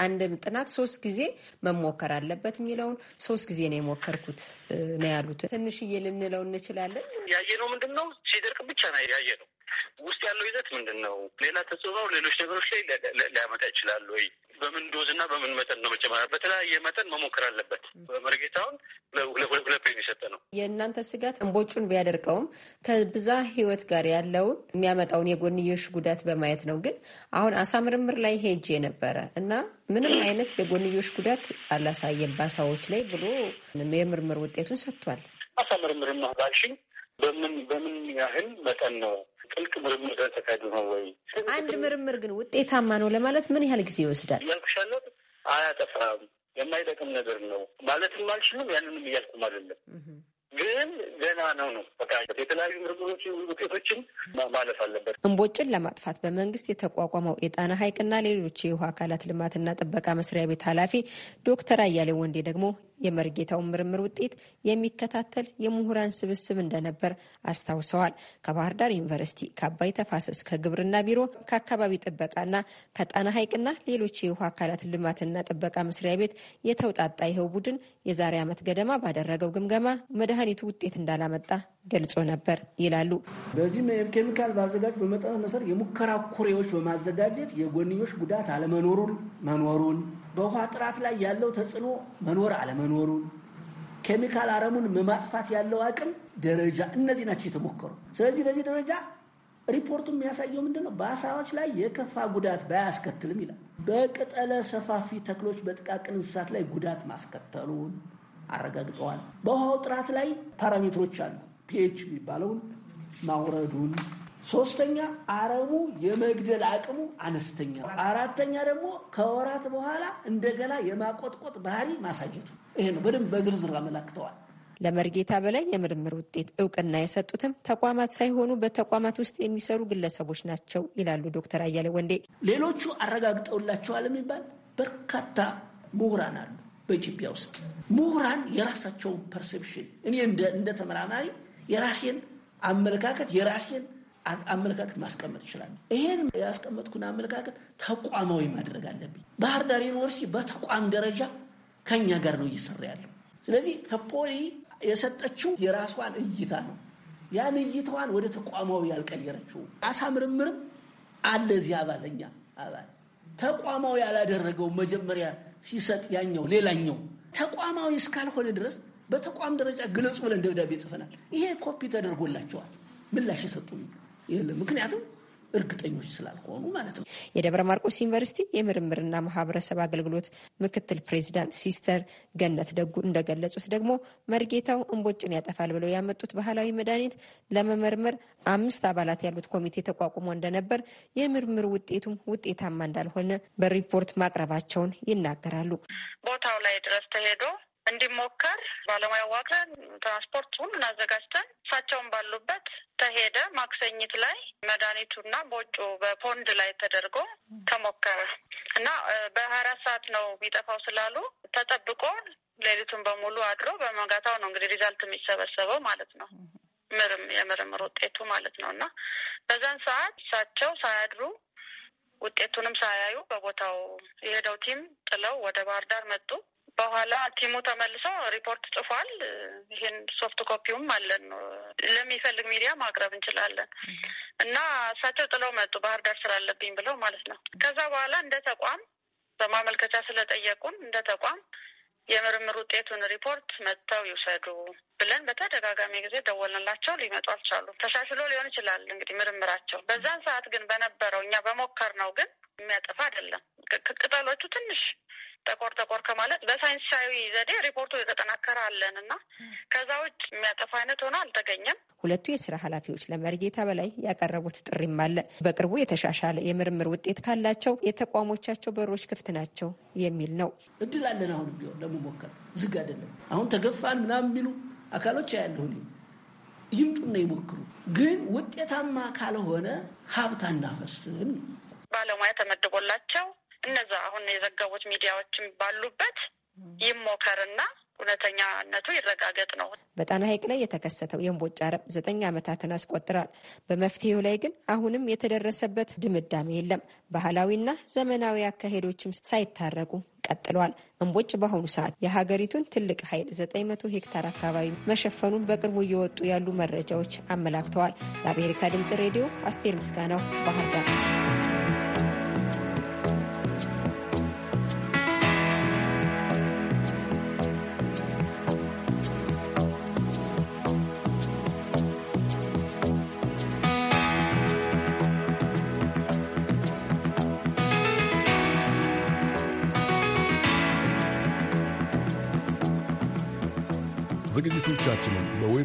አንድ ጥናት ሶስት ጊዜ መሞከር አለበት የሚለውን ሶስት ጊዜ ነው የሞከርኩት ነው ያሉት። ትንሽዬ ልንለው እንችላለን። ያየ ነው ምንድን ነው ሲደርቅ ብቻ ነው ያየ ነው ውስጥ ያለው ይዘት ምንድን ነው? ሌላ ተጽዕኖ ሌሎች ነገሮች ላይ ሊያመጣ ይችላል ወይ? በምን ዶዝ እና በምን መጠን ነው መጨመር? በተለያየ መጠን መሞከር አለበት። በመርጌታውን ሁለት የሰጠ ነው። የእናንተ ስጋት እንቦጩን ቢያደርቀውም ከብዛ ህይወት ጋር ያለውን የሚያመጣውን የጎንዮሽ ጉዳት በማየት ነው። ግን አሁን አሳ ምርምር ላይ ሄጄ ነበረ እና ምንም አይነት የጎንዮሽ ጉዳት አላሳየም በአሳዎች ላይ ብሎ የምርምር ውጤቱን ሰጥቷል። አሳ ምርምርና ባልሽኝ በምን በምን ያህል መጠን ነው ጥልቅ ምርምር ተካሂዶ ነው ወይ? አንድ ምርምር ግን ውጤታማ ነው ለማለት ምን ያህል ጊዜ ይወስዳል? ያልኩሻለት አያጠፋም፣ የማይጠቅም ነገር ነው ማለትም አልችልም። ያንንም እያልኩም አይደለም ግን ገና ነው ነው በቃ የተለያዩ ምርምሮች ውጤቶችን ማለፍ አለበት። እንቦጭን ለማጥፋት በመንግስት የተቋቋመው የጣና ሐይቅና ሌሎች የውሃ አካላት ልማትና ጥበቃ መስሪያ ቤት ኃላፊ ዶክተር አያሌው ወንዴ ደግሞ የመርጌታውን ምርምር ውጤት የሚከታተል የምሁራን ስብስብ እንደነበር አስታውሰዋል። ከባህር ዳር ዩኒቨርሲቲ፣ ከአባይ ተፋሰስ፣ ከግብርና ቢሮ፣ ከአካባቢ ጥበቃና ከጣና ሐይቅና ሌሎች የውሃ አካላት ልማትና ጥበቃ መስሪያ ቤት የተውጣጣ ይኸው ቡድን የዛሬ ዓመት ገደማ ባደረገው ግምገማ መድኃኒቱ ውጤት እንዳላመጣ ገልጾ ነበር ይላሉ። በዚህም ኬሚካል ባዘጋጅ በመጠኑ መሰረት የሙከራ ኩሬዎች በማዘጋጀት የጎንዮሽ ጉዳት አለመኖሩን መኖሩን በውሃ ጥራት ላይ ያለው ተጽዕኖ መኖር አለመኖሩን ኬሚካል አረሙን መማጥፋት ያለው አቅም ደረጃ እነዚህ ናቸው የተሞከሩ። ስለዚህ በዚህ ደረጃ ሪፖርቱ የሚያሳየው ምንድን ነው? በአሳዎች ላይ የከፋ ጉዳት ባያስከትልም ይላል። በቅጠለ ሰፋፊ ተክሎች፣ በጥቃቅን እንስሳት ላይ ጉዳት ማስከተሉን አረጋግጠዋል። በውሃው ጥራት ላይ ፓራሜትሮች አሉ። ፒኤች የሚባለውን ማውረዱን ሶስተኛ አረሙ የመግደል አቅሙ አነስተኛ፣ አራተኛ ደግሞ ከወራት በኋላ እንደገና የማቆጥቆጥ ባህሪ ማሳየቱ ይሄ ነው። በደንብ በዝርዝር አመላክተዋል። ለመርጌታ በላይ የምርምር ውጤት እውቅና የሰጡትም ተቋማት ሳይሆኑ በተቋማት ውስጥ የሚሰሩ ግለሰቦች ናቸው ይላሉ ዶክተር አያሌ ወንዴ። ሌሎቹ አረጋግጠውላቸዋል የሚባል በርካታ ምሁራን አሉ በኢትዮጵያ ውስጥ። ምሁራን የራሳቸውን ፐርሴፕሽን እኔ እንደ ተመራማሪ የራሴን አመለካከት የራሴን አመለካከት ማስቀመጥ ይችላል። ይሄን ያስቀመጥኩን አመለካከት ተቋማዊ ማድረግ አለብኝ። ባህር ዳር ዩኒቨርሲቲ በተቋም ደረጃ ከኛ ጋር ነው እየሰራ ያለው። ስለዚህ ከፖሊ የሰጠችው የራሷን እይታ ነው። ያን እይታዋን ወደ ተቋማዊ ያልቀየረችው አሳ ምርምርም አለ እዚህ አባለኛ አባል ተቋማዊ ያላደረገው መጀመሪያ ሲሰጥ ያኛው ሌላኛው ተቋማዊ እስካልሆነ ድረስ በተቋም ደረጃ ግለጹ ብለን ደብዳቤ ጽፈናል። ይሄ ኮፒ ተደርጎላቸዋል ምላሽ የሰጡን የለም። ምክንያቱም እርግጠኞች ስላልሆኑ ማለት ነው። የደብረ ማርቆስ ዩኒቨርሲቲ የምርምርና ማህበረሰብ አገልግሎት ምክትል ፕሬዚዳንት ሲስተር ገነት ደጉ እንደገለጹት ደግሞ መርጌታው እንቦጭን ያጠፋል ብለው ያመጡት ባህላዊ መድኃኒት ለመመርመር አምስት አባላት ያሉት ኮሚቴ ተቋቁሞ እንደነበር፣ የምርምር ውጤቱም ውጤታማ እንዳልሆነ በሪፖርት ማቅረባቸውን ይናገራሉ። ቦታው ላይ ድረስ ተሄዶ እንዲሞከር ባለሙያ አዋቅረን ትራንስፖርት ሁሉን አዘጋጅተን እሳቸውን ባሉበት ተሄደ። ማክሰኝት ላይ መድኃኒቱና በውጭ በፖንድ ላይ ተደርጎ ተሞከረ እና በሀያ አራት ሰዓት ነው የሚጠፋው ስላሉ ተጠብቆ ሌሊቱን በሙሉ አድሮ በመጋታው ነው እንግዲህ ሪዛልት የሚሰበሰበው ማለት ነው። ምርም የምርምር ውጤቱ ማለት ነው እና በዛን ሰዓት እሳቸው ሳያድሩ ውጤቱንም ሳያዩ በቦታው የሄደው ቲም ጥለው ወደ ባህር ዳር መጡ። በኋላ ቲሙ ተመልሶ ሪፖርት ጽፏል። ይሄን ሶፍት ኮፒውም አለን ለሚፈልግ ሚዲያ ማቅረብ እንችላለን እና እሳቸው ጥለው መጡ ባህር ዳር ስላለብኝ ብለው ማለት ነው። ከዛ በኋላ እንደ ተቋም በማመልከቻ ስለጠየቁን እንደ ተቋም የምርምር ውጤቱን ሪፖርት መጥተው ይውሰዱ ብለን በተደጋጋሚ ጊዜ ደወልንላቸው። ሊመጡ አልቻሉም። ተሻሽሎ ሊሆን ይችላል እንግዲህ ምርምራቸው። በዛን ሰዓት ግን በነበረው እኛ በሞከር ነው ግን የሚያጠፋ አይደለም። ቅጠሎቹ ትንሽ ጠቆር ጠቆር ከማለት በሳይንሳዊ ዘዴ ሪፖርቱ የተጠናከረ አለን እና ከዛ ውጭ የሚያጠፋ አይነት ሆኖ አልተገኘም። ሁለቱ የስራ ኃላፊዎች ለመርጌታ በላይ ያቀረቡት ጥሪም አለ። በቅርቡ የተሻሻለ የምርምር ውጤት ካላቸው የተቋሞቻቸው በሮች ክፍት ናቸው የሚል ነው። እድል አለን። አሁን ቢሆን ለመሞከር ዝግ አይደለም። አሁን ተገፋን ምናምን የሚሉ አካሎች ያለሁን ይምጡና ይሞክሩ። ግን ውጤታማ ካልሆነ ሀብት አናፈስም። ባለሙያ ተመድቦላቸው እነዛ አሁን የዘገቡት ሚዲያዎችም ባሉበት ይሞከርና እውነተኛነቱ ይረጋገጥ ነው። በጣና ሐይቅ ላይ የተከሰተው የእምቦጭ አረም ዘጠኝ ዓመታትን አስቆጥሯል። በመፍትሄው ላይ ግን አሁንም የተደረሰበት ድምዳሜ የለም። ባህላዊና ዘመናዊ አካሄዶችም ሳይታረቁ ቀጥሏል። እምቦጭ በአሁኑ ሰዓት የሀገሪቱን ትልቅ ኃይል 900 ሄክታር አካባቢ መሸፈኑን በቅርቡ እየወጡ ያሉ መረጃዎች አመላክተዋል። ለአሜሪካ ድምጽ ሬዲዮ አስቴር ምስጋናው ባህርዳር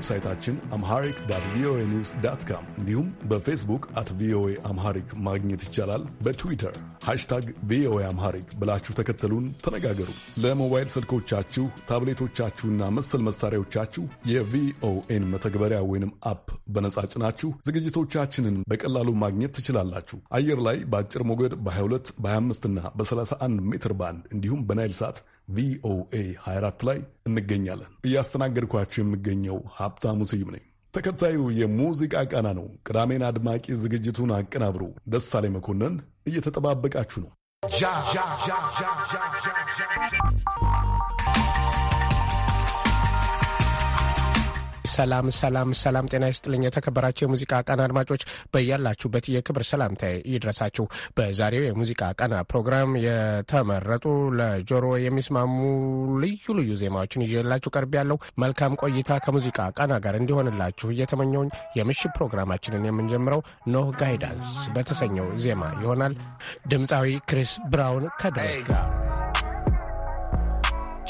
በዌብሳይታችን አምሃሪክ ዳት ቪኦኤ ኒውስ ዳት ካም እንዲሁም በፌስቡክ አት ቪኦኤ አምሃሪክ ማግኘት ይቻላል። በትዊተር ሃሽታግ ቪኦኤ አምሃሪክ ብላችሁ ተከተሉን፣ ተነጋገሩ። ለሞባይል ስልኮቻችሁ ታብሌቶቻችሁና መሰል መሳሪያዎቻችሁ የቪኦኤን መተግበሪያ ወይንም አፕ በነጻ ጭናችሁ ዝግጅቶቻችንን በቀላሉ ማግኘት ትችላላችሁ። አየር ላይ በአጭር ሞገድ በ22 በ25ና በ31 ሜትር ባንድ እንዲሁም በናይል ሳት ቪኦኤ 24 ላይ እንገኛለን። እያስተናገድኳቸው የምገኘው ሀብታሙ ስዩም ነኝ። ተከታዩ የሙዚቃ ቃና ነው። ቅዳሜን አድማቂ ዝግጅቱን አቀናብሮ ደሳሌ መኮንን እየተጠባበቃችሁ ነው። ሰላም ሰላም ሰላም። ጤና ይስጥልኝ የተከበራቸው የሙዚቃ ቀን አድማጮች በያላችሁበት የክብር ሰላምታ ይድረሳችሁ። በዛሬው የሙዚቃ ቀና ፕሮግራም የተመረጡ ለጆሮ የሚስማሙ ልዩ ልዩ ዜማዎችን ይዤላችሁ ቀርብ ያለው መልካም ቆይታ ከሙዚቃ ቀና ጋር እንዲሆንላችሁ እየተመኘውኝ የምሽት ፕሮግራማችንን የምንጀምረው ኖህ ጋይዳንስ በተሰኘው ዜማ ይሆናል። ድምፃዊ ክሪስ ብራውን ከድሬክ ጋር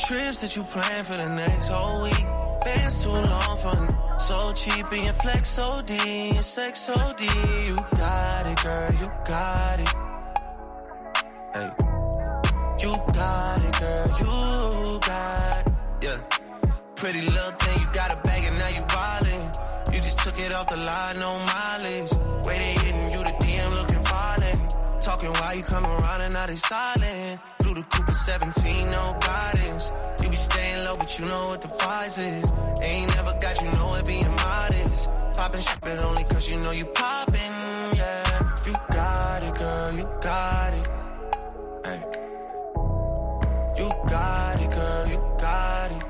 Trips that you plan for the next whole week Been too long for so cheap and flex OD and sex OD. You got it, girl, you got it. Hey, you got it, girl, you got it. Yeah, pretty little thing, you got a bag and now you wildin'. You just took it off the line, no mileage talking while you come around and now they silent. Through the Cooper 17, no guidance. You be staying low, but you know what the price is. Ain't never got you know it being modest. Poppin' shit, but only cause you know you poppin', yeah. You got it, girl, you got it. Hey. You got it, girl, you got it.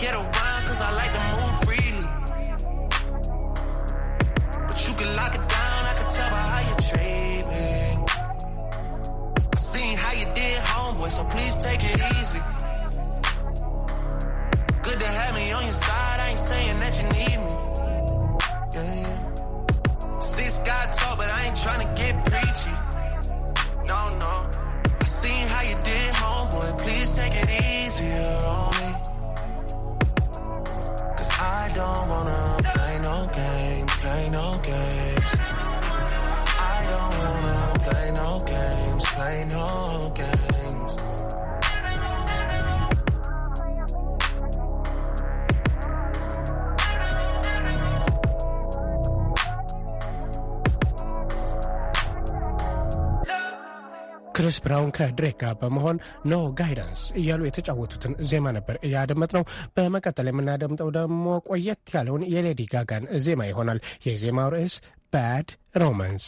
get around cause I like to move freely. But you can lock it down, I can tell by how you treat me. I seen how you did homeboy, so please take it ብራውን ከድሬክ ጋር በመሆን ኖ ጋይዳንስ እያሉ የተጫወቱትን ዜማ ነበር ነው። በመቀጠል የምናደምጠው ደግሞ ቆየት ያለውን የሌዲ ጋጋን ዜማ ይሆናል። የዜማው ርዕስ ባድ ሮማንስ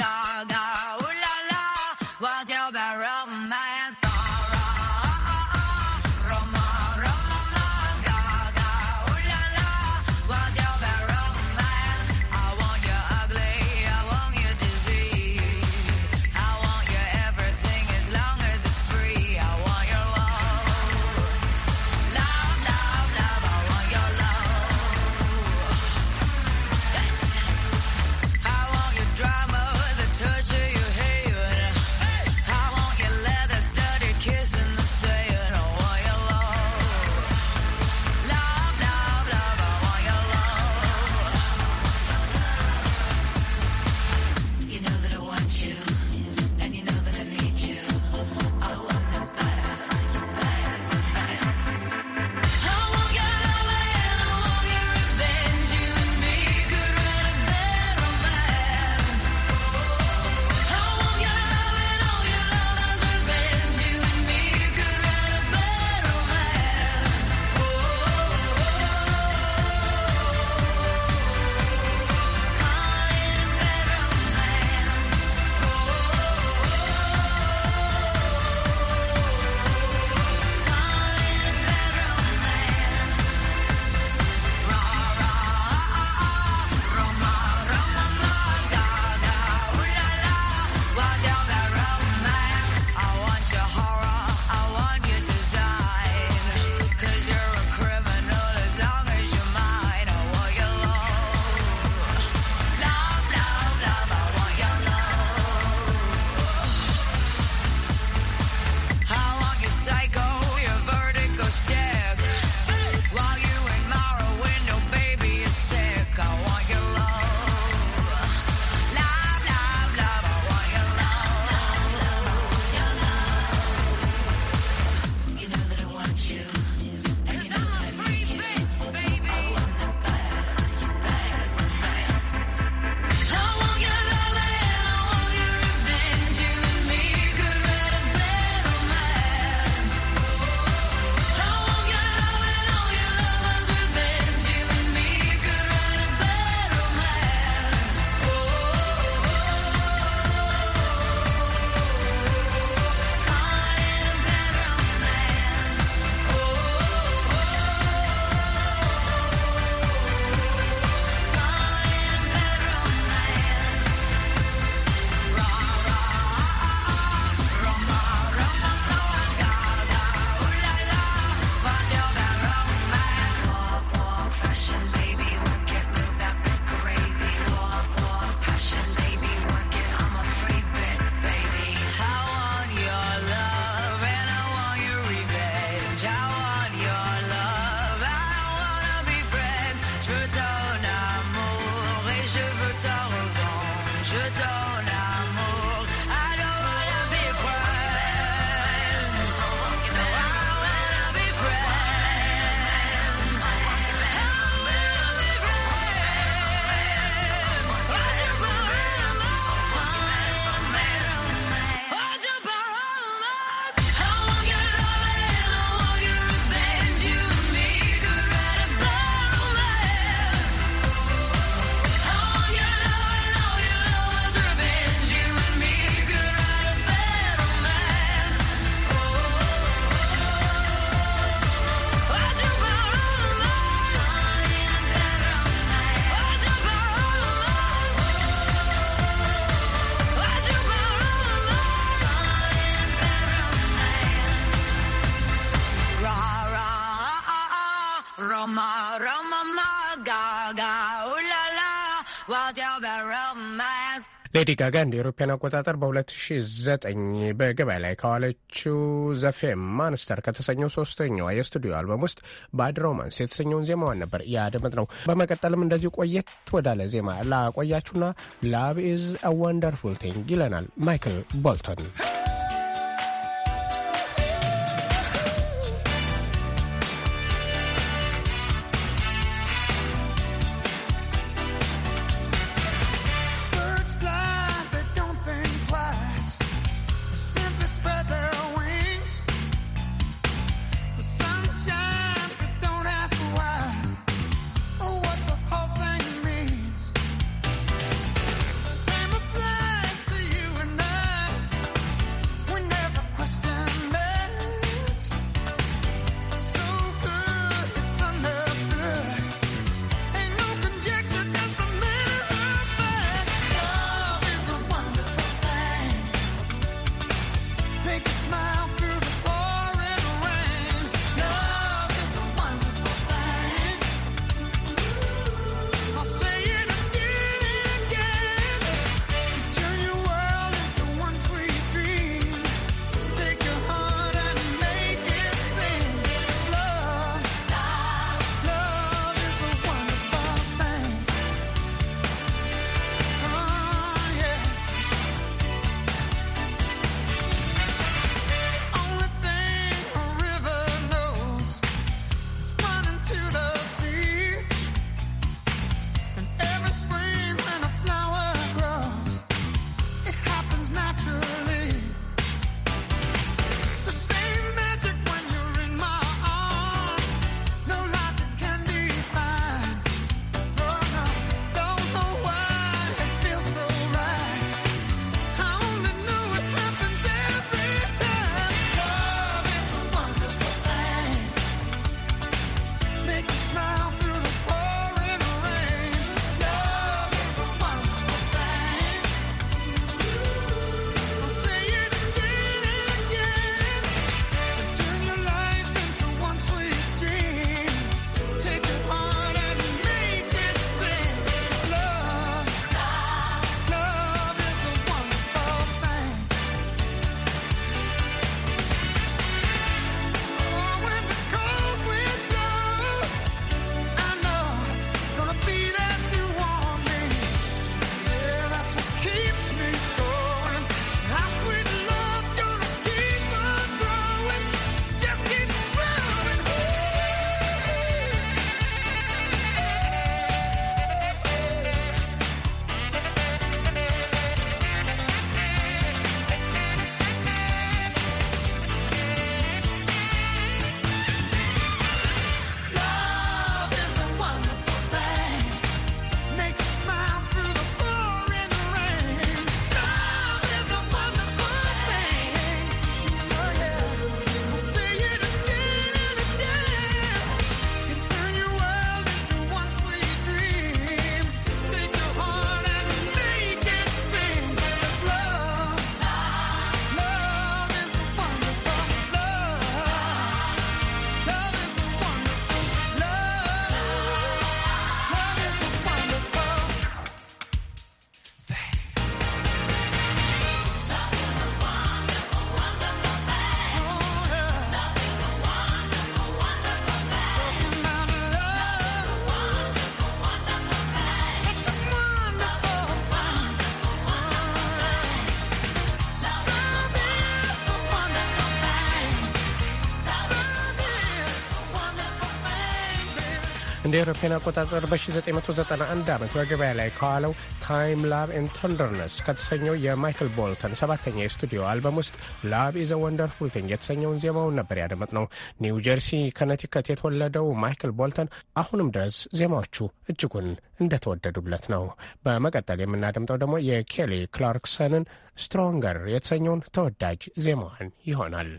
ጋ ሌዲ ጋጋ እንደ ኤሮፓያን አቆጣጠር በ2009 በገበያ ላይ ከዋለችው ዘፌ ማንስተር ከተሰኘው ሶስተኛዋ የስቱዲዮ አልበም ውስጥ ባድ ሮማንስ የተሰኘውን ዜማዋን ነበር ያደመጥ ነው። በመቀጠልም እንደዚሁ ቆየት ወዳለ ዜማ ላቆያችሁና ላቭ ኢዝ አ ወንደርፉል ቲንግ ይለናል ማይክል ቦልቶን። እንደ ኤሮፓውያን አቆጣጠር በ1991 ዓመት በገበያ ላይ ከዋለው ታይም ላቭ ኤን ተንደርነስ ከተሰኘው የማይክል ቦልተን ሰባተኛ የስቱዲዮ አልበም ውስጥ ላቭ ኢዘ ወንደርፉል ቲንግ የተሰኘውን ዜማውን ነበር ያደመጥ ነው። ኒው ጀርሲ ከነቲከት የተወለደው ማይክል ቦልተን አሁንም ድረስ ዜማዎቹ እጅጉን እንደተወደዱለት ነው። በመቀጠል የምናደምጠው ደግሞ የኬሊ ክላርክሰንን ስትሮንገር የተሰኘውን ተወዳጅ ዜማዋን ይሆናል።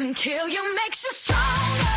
doesn't kill you, makes you stronger.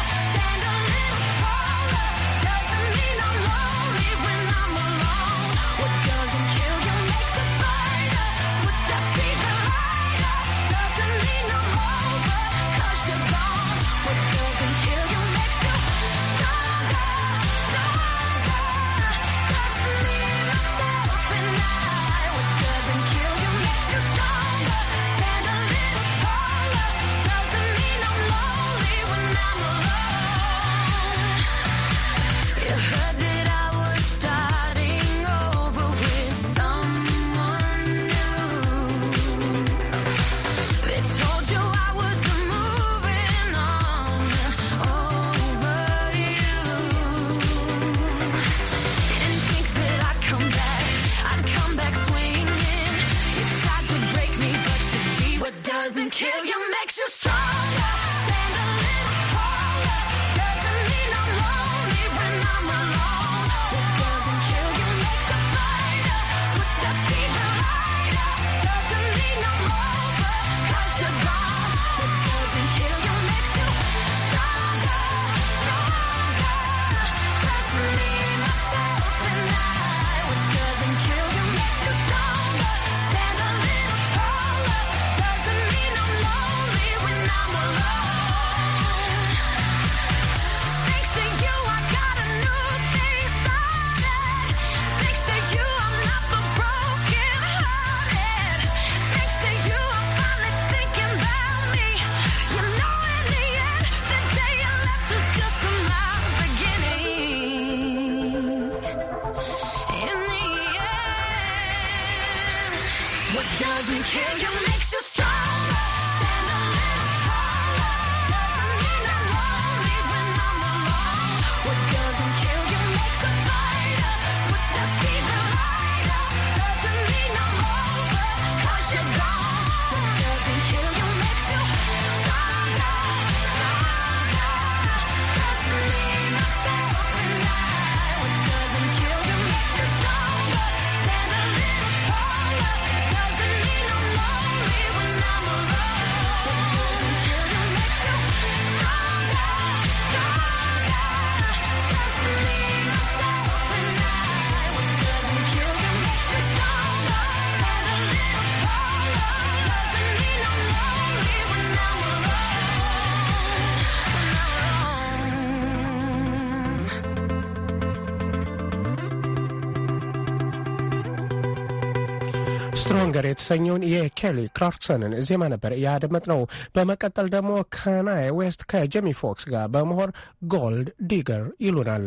የተሰኘውን የኬሊ ክላርክሰንን ዜማ ነበር ያደመጥ ነው። በመቀጠል ደግሞ ካናይ ዌስት ከጄሚ ፎክስ ጋር በመሆን ጎልድ ዲገር ይሉናል።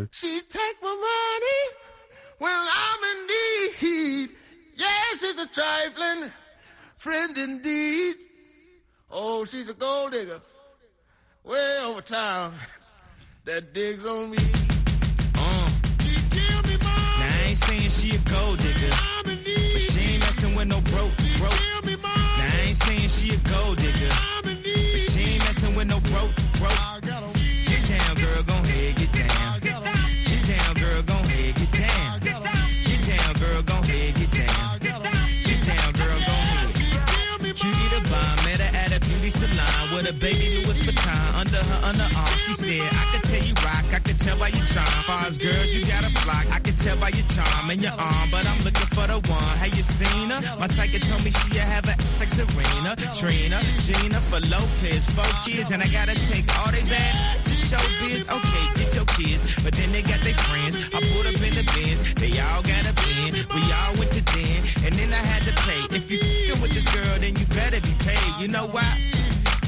Saying she a gold digger, but she ain't messing with no broke. She a gold digger. I'm in need. But she ain't messing with no broke, broke. I got a Get down, girl, gon' head, get down. Get down, girl, get down. Get down, girl, get down. Get down, girl, bomb, met her at a beauty salon with a baby baton under her underarm. She said, I can tell you rock, I can tell by your charm. Far girls, you got a flock, I can tell by your charm and your arm. But I'm looking for the one. Have you seen her? My psychic told me she have a like Serena, Trina, Gina for Lopez, four kids, and I gotta take all they back to show biz. Okay, get your kids, but then they got their friends. I pulled up in the bins, they all got a bin. We all went to den, and then I had to pay. If you with this girl, then you better be paid. You know why?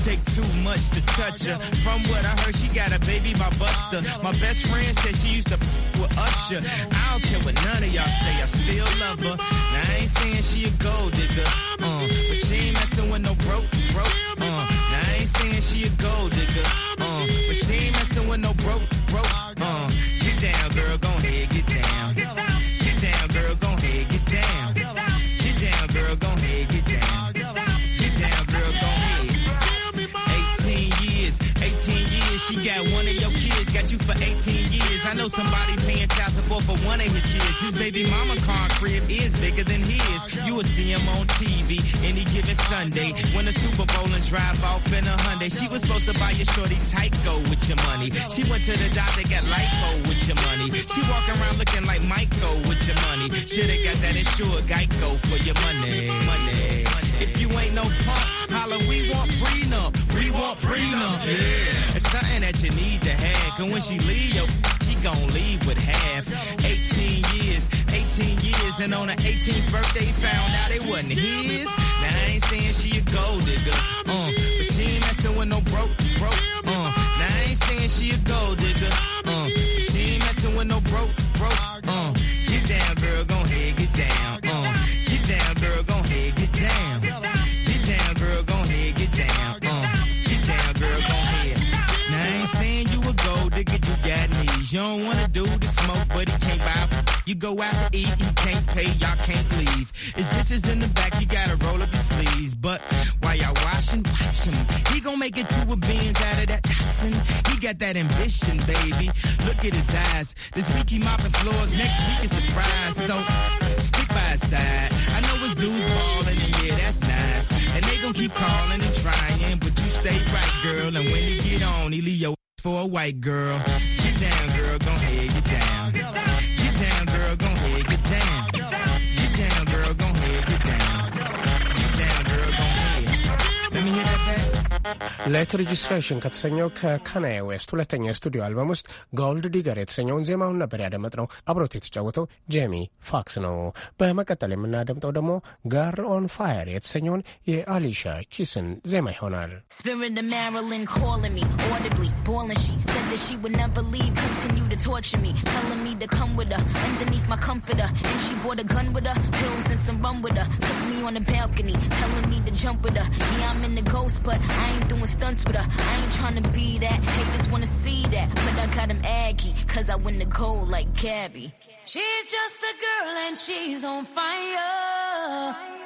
take too much to touch her. From what I heard, she got a baby by Buster. My best friend said she used to f- with Usher. I don't care what none of y'all say, I still love her. Now I ain't saying she a gold digger, uh, but she ain't messing with no broke, broke, uh. Now I ain't saying she a gold digger, uh, but she ain't messing with no broke, broke, uh. Get down, girl, go ahead, get down. She got one of your kids, got you for 18 years. I know somebody paying child support for one of his kids. His baby mama car crib is bigger than his. You will see him on TV any given Sunday. Win the Super Bowl and drive off in a Hyundai. She was supposed to buy your shorty Tyco with your money. She went to the doctor, got Lyco with your money. She walk around looking like Michael with your money. Should've got that insured Geico for your money. money. If you ain't no punk, holla, we want prenup she will Yeah. It's something that you need to have. Cause when she leave, yo, she gon' leave with half. 18 years, 18 years, and on her 18th birthday, found out it wasn't his. Now I ain't saying she a gold digger, uh, but she ain't messing with no broke, broke, uh. Now I ain't saying she a gold digger, uh, but she ain't messing with no broke, broke, uh. Get down, girl, gon' head, get down, uh. Get down, girl, gon' head, get down. Cause you don't wanna do the smoke, but he can't buy. You go out to eat, he can't pay, y'all can't leave. His dishes in the back, you gotta roll up your sleeves. But while y'all washing, watch him. He gon' make it to a beans out of that toxin. He got that ambition, baby. Look at his eyes. This week he mopping floors, next week is the fries. So stick by his side. I know his dudes ballin', and yeah, that's nice. And they gon' keep calling and trying, but you stay right, girl. And when he get on, he leave your for a white girl. ሌት ሬጂስትሬሽን ከተሰኘው ከካናያ ዌስት ሁለተኛ የስቱዲዮ አልበም ውስጥ ጎልድ ዲገር የተሰኘውን ዜማውን ነበር ያደመጥ ነው። አብሮት የተጫወተው ጄሚ ፋክስ ነው። በመቀጠል የምናደምጠው ደግሞ ገርል ኦን ፋየር የተሰኘውን የአሊሻ ኪስን ዜማ ይሆናል። Pills and some rum with her. Took me on the balcony, telling me to jump with her. Yeah, I'm in the ghost, but I ain't ain't doing stunts with her. I ain't trying to be that. Haters wanna see that. But I got him aggy, cause I win the gold like Gabby. She's just a girl and she's on fire.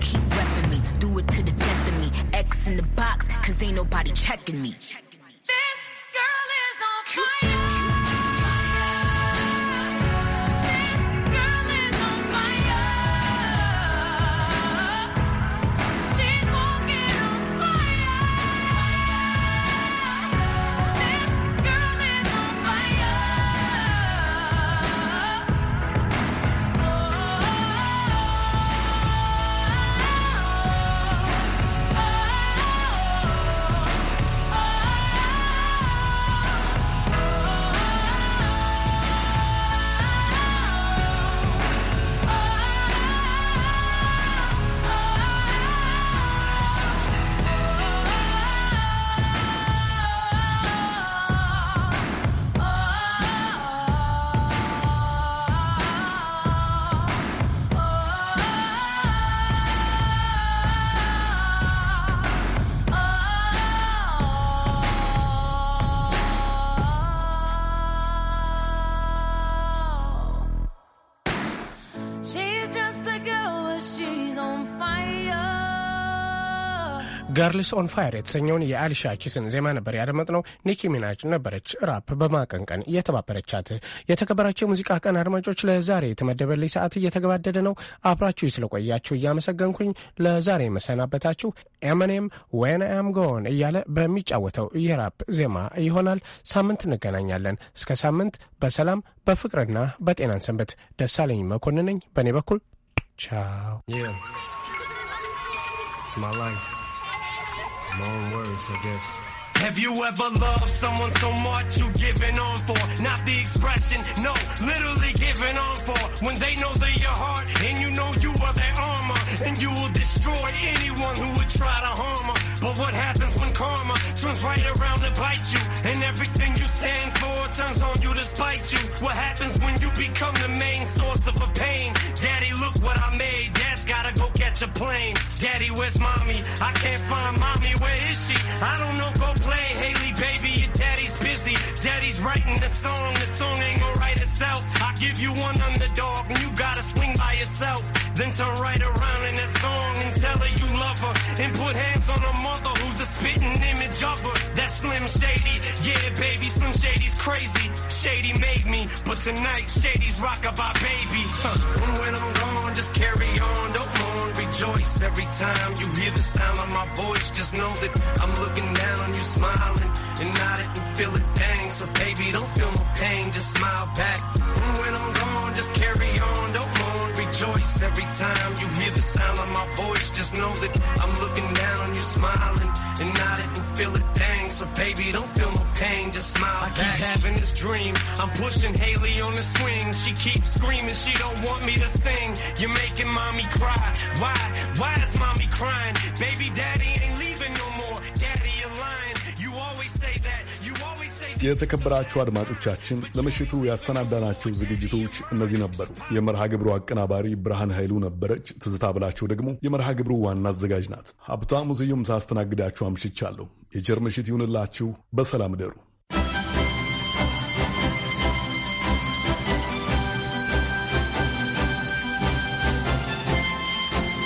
keep repping me. Do it to the death of me. X in the box, cause ain't nobody checking me. ገርልስ ኦን ፋየር የተሰኘውን የአሊሻ ኪስን ዜማ ነበር ያደመጥነው። ኒኪ ሚናጅ ነበረች ራፕ በማቀንቀን እየተባበረቻት። የተከበራቸው የሙዚቃ ቀን አድማጮች፣ ለዛሬ የተመደበልኝ ሰዓት እየተገባደደ ነው። አብራችሁ ስለቆያችሁ እያመሰገንኩኝ ለዛሬ መሰናበታችሁ ኤምኔም ዌን አም ጎን እያለ በሚጫወተው የራፕ ዜማ ይሆናል። ሳምንት እንገናኛለን። እስከ ሳምንት በሰላም በፍቅርና በጤናን ሰንበት። ደሳለኝ መኮንን ነኝ። በእኔ በኩል ቻው። It's my life. words, I guess. Have you ever loved someone so much you giving on for? Not the expression, no, literally giving on for. When they know they're your heart and you know you are their armor, and you will destroy anyone who would try to harm her. But what happens when karma turns right around to bite you? And everything you stand for turns on you to spite you. What happens when you become the main source of a pain? Daddy, look what I made. Dad's gotta go catch a plane. Daddy, where's mommy? I can't find mommy. Where is she? I don't know. Go play, Haley, baby. Your daddy's busy. Daddy's writing the song. The song ain't gonna write itself. I give you one underdog, and you gotta swing by yourself. Then turn right around in that song and tell her you love her. And put hands on her mother, who's a spitting image of her. That Slim Shady. Yeah, baby, Slim Shady's crazy. Shady made me, but tonight Shady's rockin' about baby. Huh. And when I'm gone, just carry on. Don't mourn. Rejoice Every time you hear the sound of my voice, just know that I'm looking down on you, smiling and nodding not feel a thing. So baby, don't feel no pain, just smile back. And mm, when I'm gone, just carry on, don't mourn, rejoice. Every time you hear the sound of my voice, just know that I'm looking down on you, smiling and nodding not feel a thing. So baby, don't smile. I keep having this dream. I'm pushing Haley on the swing. She keeps screaming she don't want me to sing. You're making mommy cry. Why? Why is mommy crying? Baby daddy ain't leaving no more. Daddy, you're lying. You always say that. You always say that. የተከበራችሁ አድማጮቻችን ለምሽቱ ያሰናዳናቸው ዝግጅቶች እነዚህ ነበሩ። የመርሃ ግብሩ አቀናባሪ ብርሃን ኃይሉ ነበረች። ትዝታ ብላቸው ደግሞ የመርሃ ግብሩ ዋና አዘጋጅ ናት። ሀብታሙ ስዩም ሳስተናግዳችሁ አምሽቻለሁ። የቸር ምሽት ይሁንላችሁ። በሰላም ደሩ።